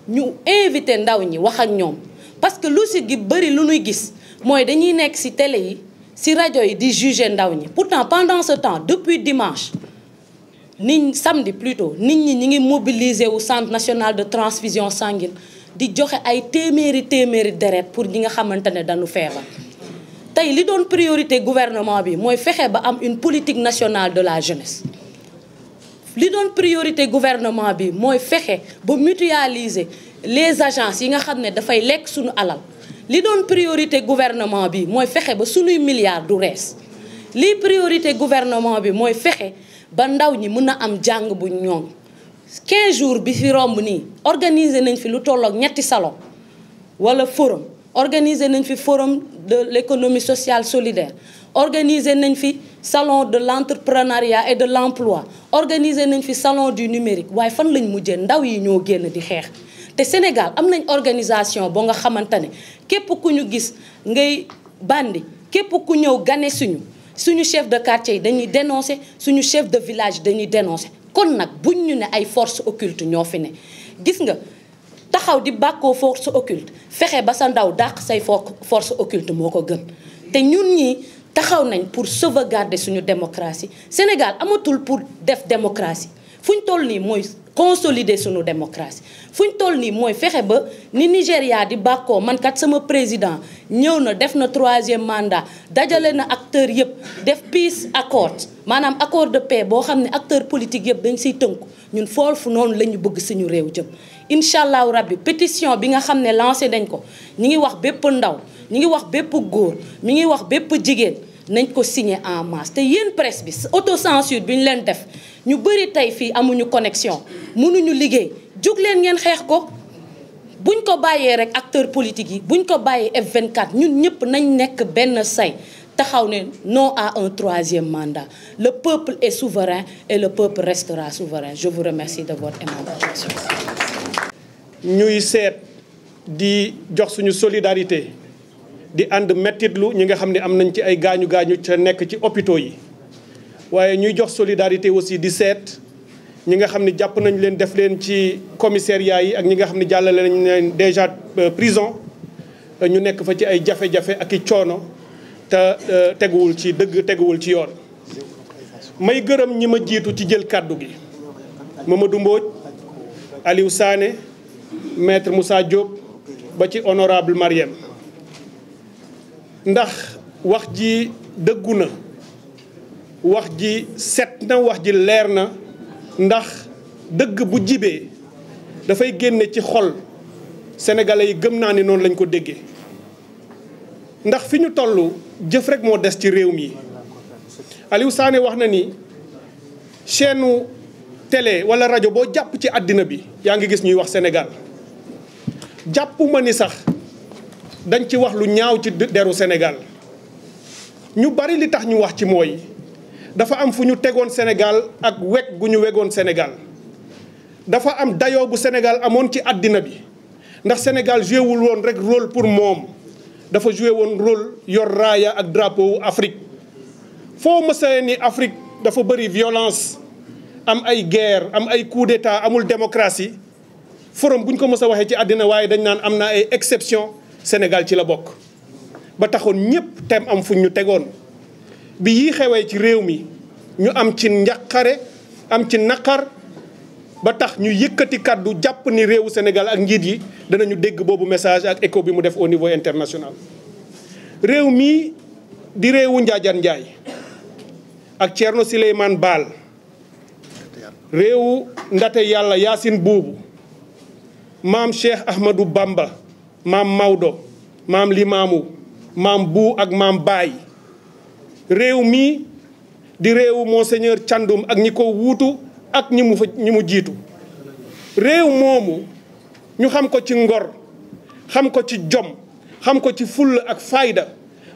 ñu invité ndaw ñi wax ak ñoom parce que gi bëri lu nuy gis mooy dañuy nekk ci télé yi ci rajo yi di juger ndaw ñi pourtant pendant ce temps depuis dimanche nit samedi plutôt nit ñi ñi ngi mobiliser wu centre national de transfusion sanguine di joxe ay téeméeri téeméeri deret pour ñi nga xamante ne dañu feebar. tey li doon priorité gouvernement bi mooy fexe ba am une politique nationale de la jeunesse li doon priorité gouvernement bi mooy fexe ba mutualiser les agences yi nga xam ne dafay lekk suñu alal. li doon priorité gouvernement bi mooy fexe ba sunuy milliards du rees lii priorité gouvernement bi mooy fexe ba ndaw ñi mën a am jàng bu ñoom 15 jours bi fi romb nii organiser nañ fi lu tollook ñetti salon wala forum organiser nañ fi forum de l'économie sociale solidaire organiser nañ fi salon de l'entrepreneuriat et de l'emploi organiser nañ fi salon du numérique waaye fan lañ mujjee ndaw yi ñoo génn di xeex te Sénégal am nañ organisation ba nga xamante ne képp ku ñu gis ngay bandi képp ku ñëw gane suñu suñu chef de quartier yi dañuy dénoncer suñu chef de village dañuy dénoncer kon nag buñ ñu ne ay force occulte ñoo fi ne gis nga taxaw di bàkkoo force occulte fexe ba sa ndaw dàq say force occulte moo ko gën te ñun ñi taxaw nañ pour sauvegarder suñu démocratie Sénégal amatul pour def démocratie fu ñu toll nii mooy consolider suñu démocratie fu ñu toll nii mooy fexe ba ni Nigéria di bàkkoo man kat sama président ñëw na def na troisième mandat dajale na acteurs yëpp def peace accord maanaam accord de paix boo xam ne acteur politiques yëpp dañ siy tënku ñun foofu noonu la ñu bëgg suñu réew jëm. incha allahu rabbi pétition bi nga xam ne lancé nañ ko ñi ngi wax bépp ndaw ñi ngi wax bépp góor mi ngi wax bépp jigéen. nañ ko signer en masse te yéen presse bi autocensure bi ñu leen def ñu bëri tey fii amuñu connexion mënuñu liggéey jóg leen ngeen xeex ko buñ ko bàyyee rek acteur politique yi buñ ko bàyyee F24 ñun ñëpp nañ nekk benn say taxaw ne non à un troisième mandat le peuple est souverain et le peuple restera souverain je vous remercie de votre aimable attention ñuy seet di jox suñu solidarité di ànd mettitlu ñi nga xam ne am nañ ci ay gaañu gaañu ca nekk ci hôpitaux yi waaye ñuy jox solidarité aussi di seet ñi nga xam ne jàpp nañ leen def leen ci commissariat yi ak ñi nga xam ne jàllale nañu leen déjà euh, prison ñu nekk fa ci ay jafe-jafe ak i coono te euh, teguwul ci dëgg teguwul ci yoon may gërëm ñi ma jiitu ci jël kàddu gi Mamadou Mbodj Aliou Sané maître Moussa Diop ba ci honorable Mariem ndax wax ji dëggu na wax ji set na wax ji leer na ndax dëgg bu jibee dafay génne ci xol sénégalais yi gëm naa ne noonu lañ ko déggee ndax fi ñu toll jëf rek moo des ci réew mi Aliou Sané wax na ni chaîne tele wala rajo boo jàpp ci àddina bi yaa ngi gis ñuy wax Sénégal jàppuma ni sax dañ ci wax lu ñaaw ci deru Sénégal ñu bari li tax ñu wax ci mooy dafa am fu ñu tegoon Sénégal ak weg gu ñu wegoon Sénégal dafa am dayo bu Sénégal amoon ci àddina bi ndax Sénégal joué woon rek rôle pour moom dafa joué woon rôle yor raaya ak drapeau wu Afrique foo mësee ni Afrique dafa bëri violence am ay guerre am ay coup d'état amul démocratie forum bu ñu ko mës a waxee ci àddina waaye dañ naan am na ay exception senegal ci la bokk ba taxoon ñëpp tem am fuñ ñu tegoon bi yii xewee ci réew mi ñu am ci njaqare am ci naqar ba tax ñu yëkkati kàddu jàpp ni réewu Sénégal ak njiit yi danañu dégg boobu message ak écho bi mu def au niveau international réew mii di réewu Njaajaan Njaay ak Thierno Souleymane Baal réewu Ndate Yàlla Yaasin Buubu maam Cheikh Ahmadou Bamba maam Maodo maam Limaamu maam Bou ak maam Baay réew mii di réewu monseigneur Thiandoum ak ñi ko wuutu ak ñi mu fa ñi mu jiitu réew moomu ñu xam ko ci ngor xam ko ci jom xam ko ci fulla ak fayda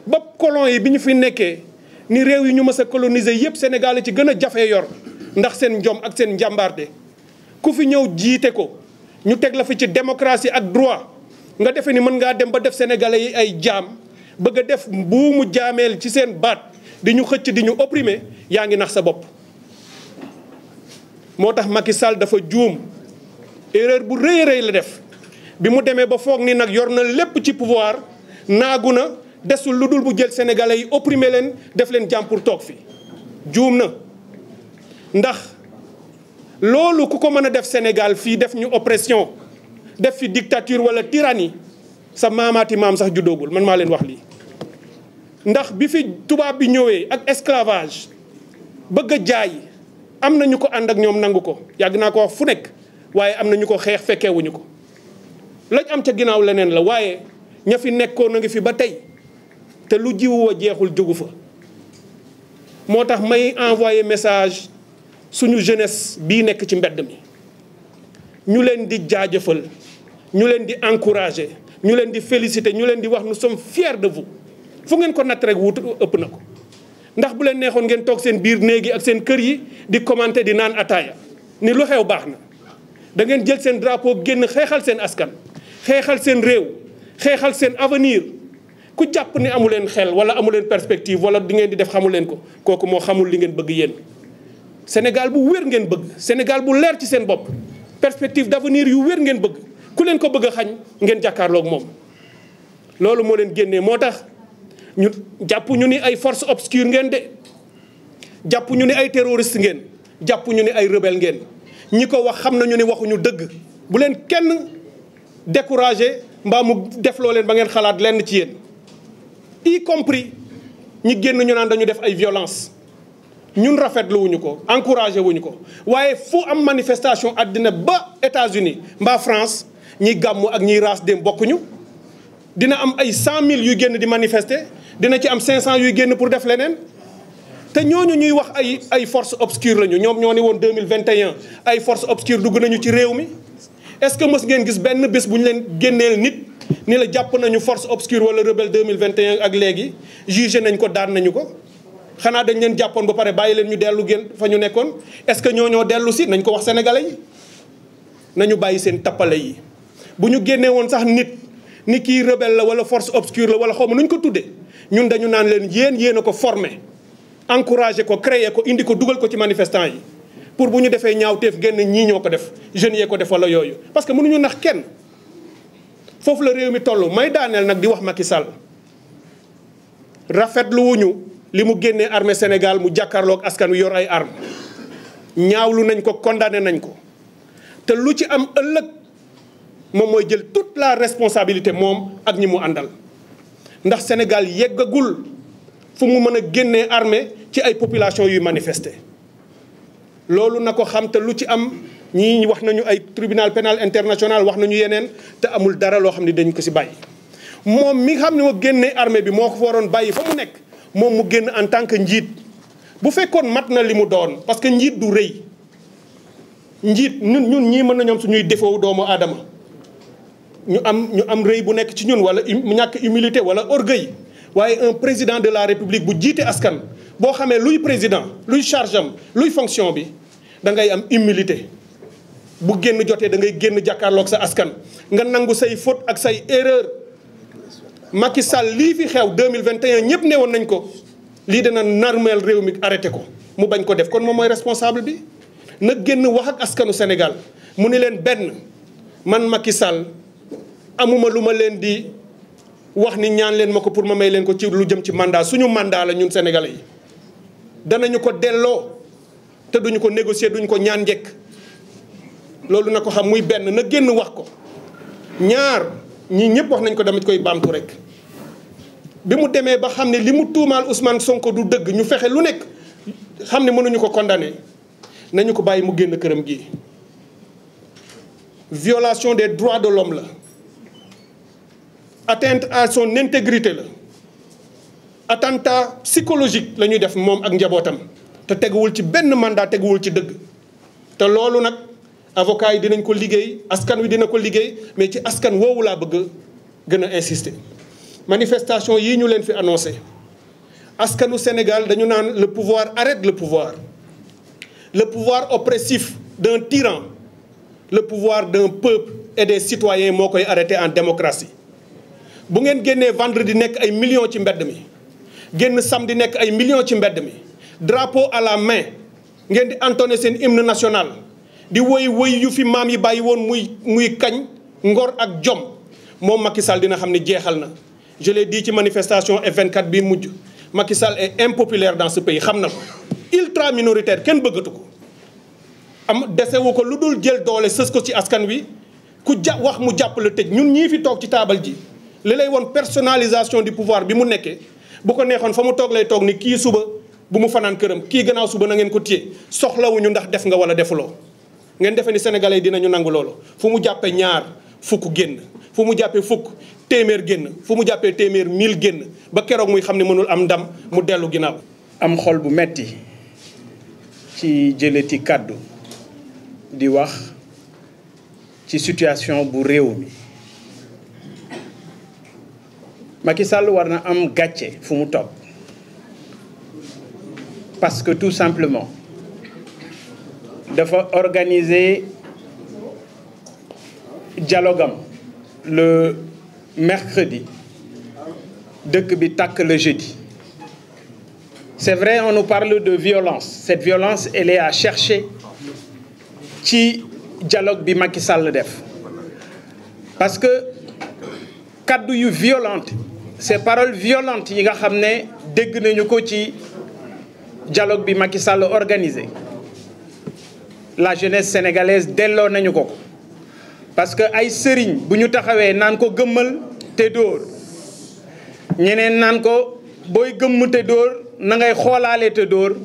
ba kolon yi bi ñu fi nekkee ni réew yi ñu mës a coloniser yépp Sénégal ci gën a jafe yor ndax seen njom ak seen njàmbaarte ku fi ñëw jiite ko ñu teg la fi ci démocratie ak droit nga defe ni mën ngaa dem ba def sénégalais yi ay jaam bëgg a def buumu jaameel ci seen baat di ñu xëcc di ñu opprimer yaa ngi nax sa bopp. moo tax Macky Sall dafa juum erreur bu rëy rëy la def bi mu demee ba foog ni nag yor na lépp ci pouvoir naagu na desul lu dul bu jël sénégalais yi opprimer leen def leen jaam pour toog fi juum na ndax loolu ku ko mën a def senegal fii def ñu oppression. def fi dictature wala tyrannie sa maamaati maam sax juddoogul man maa leen wax lii ndax bi fi tubaab bi ñëwee ak esclavage bëgg a jaay am na ñu ko ànd ak ñoom nangu ko yàgg naa ko wax fu nekk waaye am na ñu ko xeex fekkewuñu ko lañ am ca ginnaaw leneen la waaye ña fi nekkoon a ngi fi ba tey te lu jiwu wa jeexul jógu fa moo tax may envoyé message suñu jeunesse bi nekk ci mbedd mi ñu leen di jaajëfal ñu leen di encourager ñu leen di féliciter ñu leen di wax nu sommes fiers de vous foo ngeen ko natt rek wut ëpp na ko ndax bu leen neexoon ngeen toog seen biir néegi ak seen kër yi di commenter di naan ataaya ni lu xew baax na da ngeen jël seen drapeau génn xeexal seen askan xeexal seen réew xeexal seen avenir ku jàpp ni amu leen xel wala amu leen perspective wala di ngeen di def xamu leen ko kooku moo xamul li ngeen bëgg yéen Sénégal bu wér ngeen bëgg Sénégal bu leer ci seen bopp perspective d'avenir yu wér ngeen bëgg ku leen ko bëgg a xañ ngeen jàkkaarloog moom loolu moo leen génnee moo tax ñu jàpp ñu ni ay force obscure ngeen de jàpp ñu ni ay terroriste ngeen jàpp ñu ni ay rebelle ngeen ñi ko wax xam nañu ni waxuñu dëgg bu leen kenn découragé mbaa mu def loo leen ba ngeen xalaat lenn ci yéen y compris ñi génn ñu naan dañu def ay violence ñun rafetlu wuñu ko encouragé wuñu ko waaye fu am manifestation àddina ba États-Unis mbaa France ñi gàmmu ak ñiy raas dem bokkuñu dina am ay cent mille yu génn di manifester dina ci am cinq cent yuy génn pour def leneen te ñooñu ñuy wax ay ay force obscure lañu ñoom ñoo ni woon 2021 ay force obscure dugg nañu ci réew mi est-ce que mës ngeen gis benn bés bu ñu leen génneel nit ni la jàpp nañu force obscure wala rebelle 2021 ak léegi jugé nañ ko daan nañu ko xanaa dañ leen jàppoon ba pare bàyyi leen ñu dellu génn fa ñu nekkoon est-ce que ñoo dellu si ko wax sénégalais nañu bàyyi seen tappale yi bu ñu génnee woon sax nit ni kii rebelle la wala force obscure la wala xaw ma nu ñu ko tuddee ñun dañu naan leen yéen yéen a ko former encouragé ko créer ko indi ko dugal ko ci manifestant yi pour bu ñu defee ñaaw ñaawteef génn ñii ñoo ko def jeunes yee ko def wala yooyu parce que mënuñu nax kenn foofu la réew mi tollu may daaneel nag di wax Macky Sall rafetlu ñu li mu génnee armée Sénégal mu jàkkaarloog askan wi yor ay armes ñaawlu nañ ko condamné nañ ko te lu ci am ëllëg. moom mooy jël toute la responsabilité moom ak ñi mu àndal ndax Sénégal yeggagul fu mu mën a génnee armée ci ay population yuy manifesté loolu na ko xam te lu ci am ñii wax nañu ay tribunal pénal international wax nañu yeneen te amul dara loo xam ne dañ ko ci bàyyi moom mi xam ne moo génnee armée bi moo ko fa waroon bàyyi fa mu nekk moom mu génn en tant que njiit bu fekkoon mat na li mu doon parce que njiit du rëy njiit ñun ñun ñii mën nañu am suñuy défaut doomu aadama ñu am ñu am rëy bu nekk ci ñun wala ñàkk humilité wala orgueil waaye un président de la république bu jiite askan boo xamee luy président luy charge am luy fonction bi da ngay am humilité bu génn jotee da ngay génn jàkkaarlook sa askan nga nangu say faute ak say erreur Macky Sall lii fi xew 2021 ñëpp newoon nañ ko lii dana narmeel réew mi arrêté ko mu bañ ko def kon moom mooy responsable bi na génn wax ak askanu senegal mu ni leen benn man Macky Sall amuma lu ma leen di wax ni ñaan leen ma ko pour ma may leen ko ci lu jëm ci mandat suñu mandat la ñun sénégalais yi danañu ko delloo te duñu ko négocier duñu ko ñaan njekk loolu na ko xam muy benn na génn wax ko ñaar ñii ñëpp wax nañ ko damit koy baamtu rek bi mu demee ba xam ne li mu tuumaal Ousmane Sonko du dëgg ñu fexe lu nekk xam ne mënuñu ko condamné nañu ko bàyyi mu génn këram gi violation des droits de l'homme la atteinte à son intégrité la attentat psychologique la ñuy def moom ak njabootam te teguwul ci benn mandat teguwul ci dëgg te loolu nag avocat yi dinañ ko liggéey askan wi dina ko liggéey mais ci askan woowu laa bëgg gën a insister. manifestation yii ñu leen fi annoncé askanu Sénégal dañu naan le pouvoir arrête le pouvoir le pouvoir oppressif d'un tyran le pouvoir d'un peuple et des citoyens moo koy arrêté en démocratie. bu ngeen génnee di nekk ay millions ci mbedd mi génn di nekk ay millions ci mbedd mi drapeau à la main ngeen di entonné seen hymne national di woy woy yu fi maam yi bàyyi woon muy muy kañ ngor ak jom moom Macky Sall dina xam ne jeexal na je di ci manifestation F24 bi mujj Macky Sall est impopulaire dans ce xam na ko ultra minoritaire kenn bëggatu ko am desewu ko lu dul jël doole sës ko ci askan wi ku ja wax mu jàpp la tëj ñun ñii fi toog ci taabal ji li lay woon personnalisation du pouvoir bi mu nekkee bu ko neexoon fa mu toog lay toog ni kii suba bu mu fanaan këram kii gannaaw suba na ngeen ko téye soxlawuñu ndax def nga wala defuloo ngeen defe ni sénégalais yi dinañu nangu loolu fu mu jàppee ñaar fukk génn fu mu jàppee fukk téeméer génn fu mu jàppee téeméer mille génn ba keroog muy xam ne mënul am ndam mu dellu ginnaaw. am xol bu metti ci jëleti kàddu di wax ci situation bu réew mi. Macky Sall war na am gàcce fu mu toog parce que tout simplement dafa organiser dialogue am le mercredi dëkk bi tàkk le jeudi c'est vrai on nous parle de violence cette violence elle est à chercher ci dialogue bi Macky Sall def parce que kaddu yu violente ces paroles violentes yi nga xam ne dégg nañu ko ci dialogue bi Macky Sall organisé la jeunesse sénégalaise delloo nañu ko ko parce que ay sëriñ bu ñu taxawee naan ko gëmmal te dóor ñeneen naan ko booy gëmm te dóor na ngay xoolaale te dóor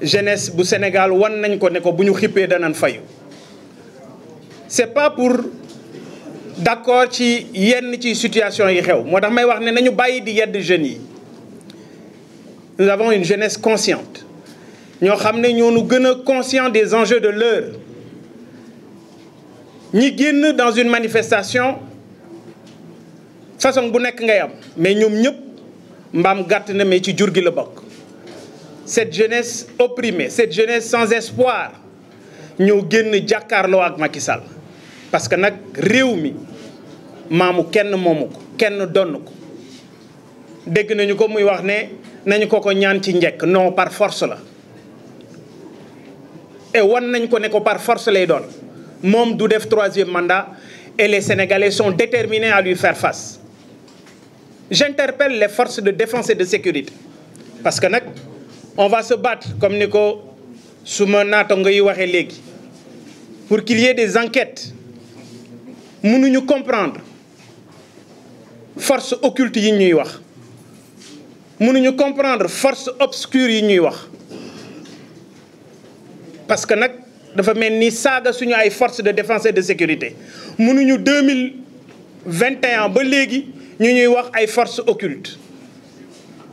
jeunesse bu Sénégal wan nañ ko ne ko bu ñu xippee danañ fayu c'est pas pour d'accord ci yenn ci situation yi xew moo tax may wax ne nañu bàyyi di yedd jeunes yi nous avons une jeunesse consciente ñoo xam ne ñoo nu gën a conscient des enjeux de l'heure ñi génn dans une manifestation façon bu nekk ngay am mais ñoom ñëpp mbaam gàtt na mais ci jur gi la bokk cette jeunesse opprimée cette jeunesse sans espoir ñoo génn jàkkaarloo ak Macky Sall parce que nag réew mi maamu kenn moomu kenn donn ko dégg nañu ko muy wax ne nañu ko ko ñaan ci njekk non par force la e wan nañ ko ne ko par force lay doon moom du def troisième mandat et les Sénégalais sont déterminés à lui faire face j'interpelle les forces de défense et de sécurité parce que nag on va se battre comme ni ko su ma naatango ngay waxee léegi pour qu'il y des enquêtes mënuñu comprendre force occulte yi ñuy wax mënuñu comprendre force obscure yi ñuy wax parce que nag dafa mel ni saaga suñu ay forces de défense et de sécurité mënuñu 2021 ba léegi ñu ñuy wax ay forces occultes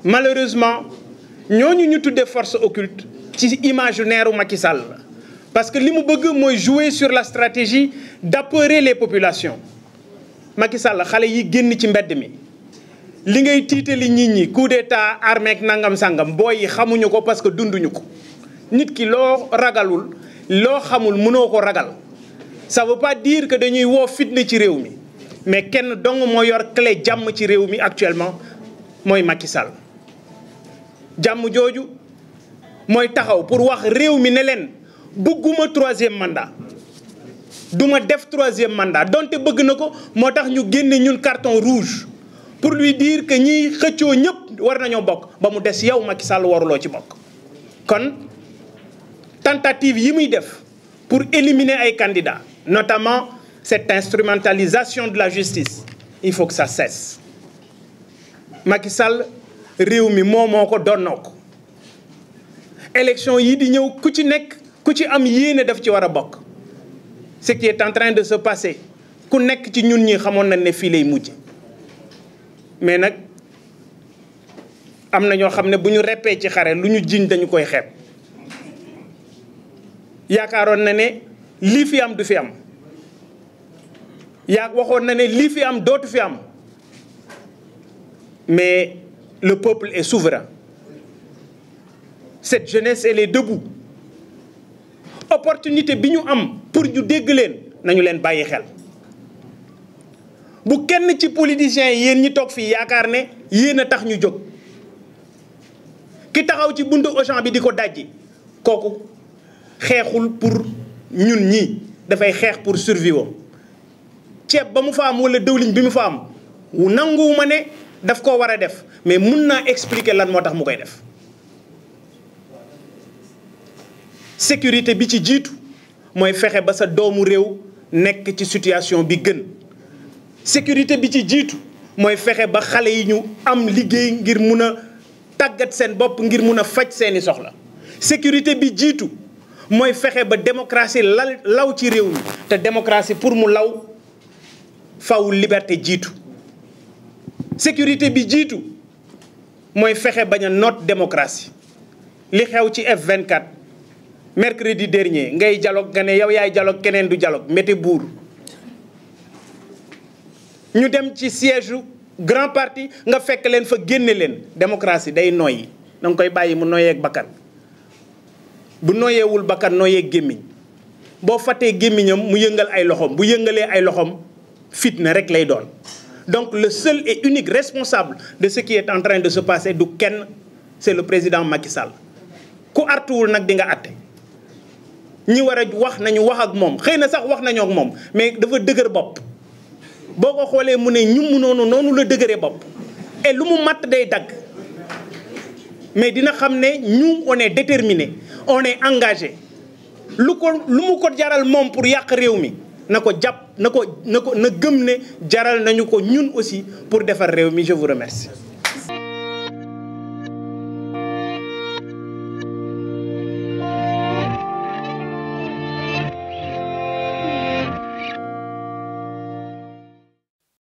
malheureusement ñooñu ñu tuddee force occulte ci imaginaire u Macky Sall la parce que li mu bëgg mooy jouer sur la stratégie d'apeurer les population Macky Sall xale yi génn ci mbedd mi li ngay tiitali nit ñi coup d'état armée ak nangam sangam booy yi xamuñu ko parce que dunduñu ko nit ki loo ragalul loo xamul munoo ko ragal ça veut pas dire que dañuy woo fitne ci réew mi mais kenn dong moo yor clé jàmm ci réew mi actuellement mooy Macky jàmm jooju mooy taxaw pour wax réew mi ne leen bëgguma troisième mandat duma def troisième mandat donte bëgg na ko moo tax ñu génne ñun carton rouge pour lui dire que ñiy xëccoo ñëpp war nañoo bokk ba mu des yow Macky Sall waruloo ci bokk kon tentative yi muy def pour éliminer ay candidats notamment cette instrumentalisation de la justice il faut que ça cesse Macky Sall réew mi moo moo ko donnoo ko élection yi di ñëw ku ci nekk ku ci am yéene daf ci war a bokk ce qui est en train de se passer ku nekk ci ñun ñi xamoon nañ ne fii lay mujj mais nag am na ñoo xam ne bu ñu reppee ci xare lu ñu jiñ dañu koy xeeb yaakaaroon na ne lii fi am du fi am yaa waxoon na ne lii fi am dootu fi am mais le peuple est souverain cette jeunesse elle est debout opportunité bi ñu am pour ñu dégg leen nañu leen bàyyi xel bu kenn ci politiciens yi yéen ñi toog fii yaakaar ne yéen a tax ñu jóg ki taxaw ci buntu Auchan bi di ko dajji kooku xeexul pour ñun ñi dafay xeex pour survivre ceeb ba mu fa am wala dëwliñ bi mu fa am wu nanguwuma ne daf ko war a def mais mun naa expliquer lan moo tax mu koy def sécurité bi ci jiitu mooy fexe ba sa doomu réew nekk ci situation bi gën sécurité bi ci jiitu mooy fexe ba xale yi ñu am liggéey ngir mun a tàggat seen bopp ngir mun a faj seeni soxla sécurité bi jiitu mooy fexe ba démocratie lal law ci réew mi te démocratie pour mu law faw liberté jiitu sécurité bi jiitu mooy fexe bañ a noot démocratie li xew ci F24 mercredi dernier ngay dialogue nga ne yow yaay dialogue keneen du jaloog mété buur ñu dem ci siège grand parti nga fekk leen fa génne leen démocratie day noyyi da nga koy bàyyi mu noyyeeg bakkan bu noyyeewul bakkan noyyeeg gémmiñ boo fattee gémmiñam mu yëngal ay loxoom bu yëngalee ay loxoom fitna rek lay doon donc le seul et unique responsable de ce qui est en train de se passer du kenn c'est le président Macky Sall ku artuwul nag di nga àtte ñi war a wax nañu wax ak moom xëy na sax wax nañoo ak moom mais dafa dëgër bopp boo ko xoolee mu ne ñum noonu noonu la dëgëree bopp et lu mu matt day dagg mais dina xam ne ñu on est déterminé on est engagé lu ko lu mu ko jaral moom pour yàq réew mi na ko jàpp na ko na ko na gëm ne jaral nañu ko ñun aussi pour defar réew mi je vous remercie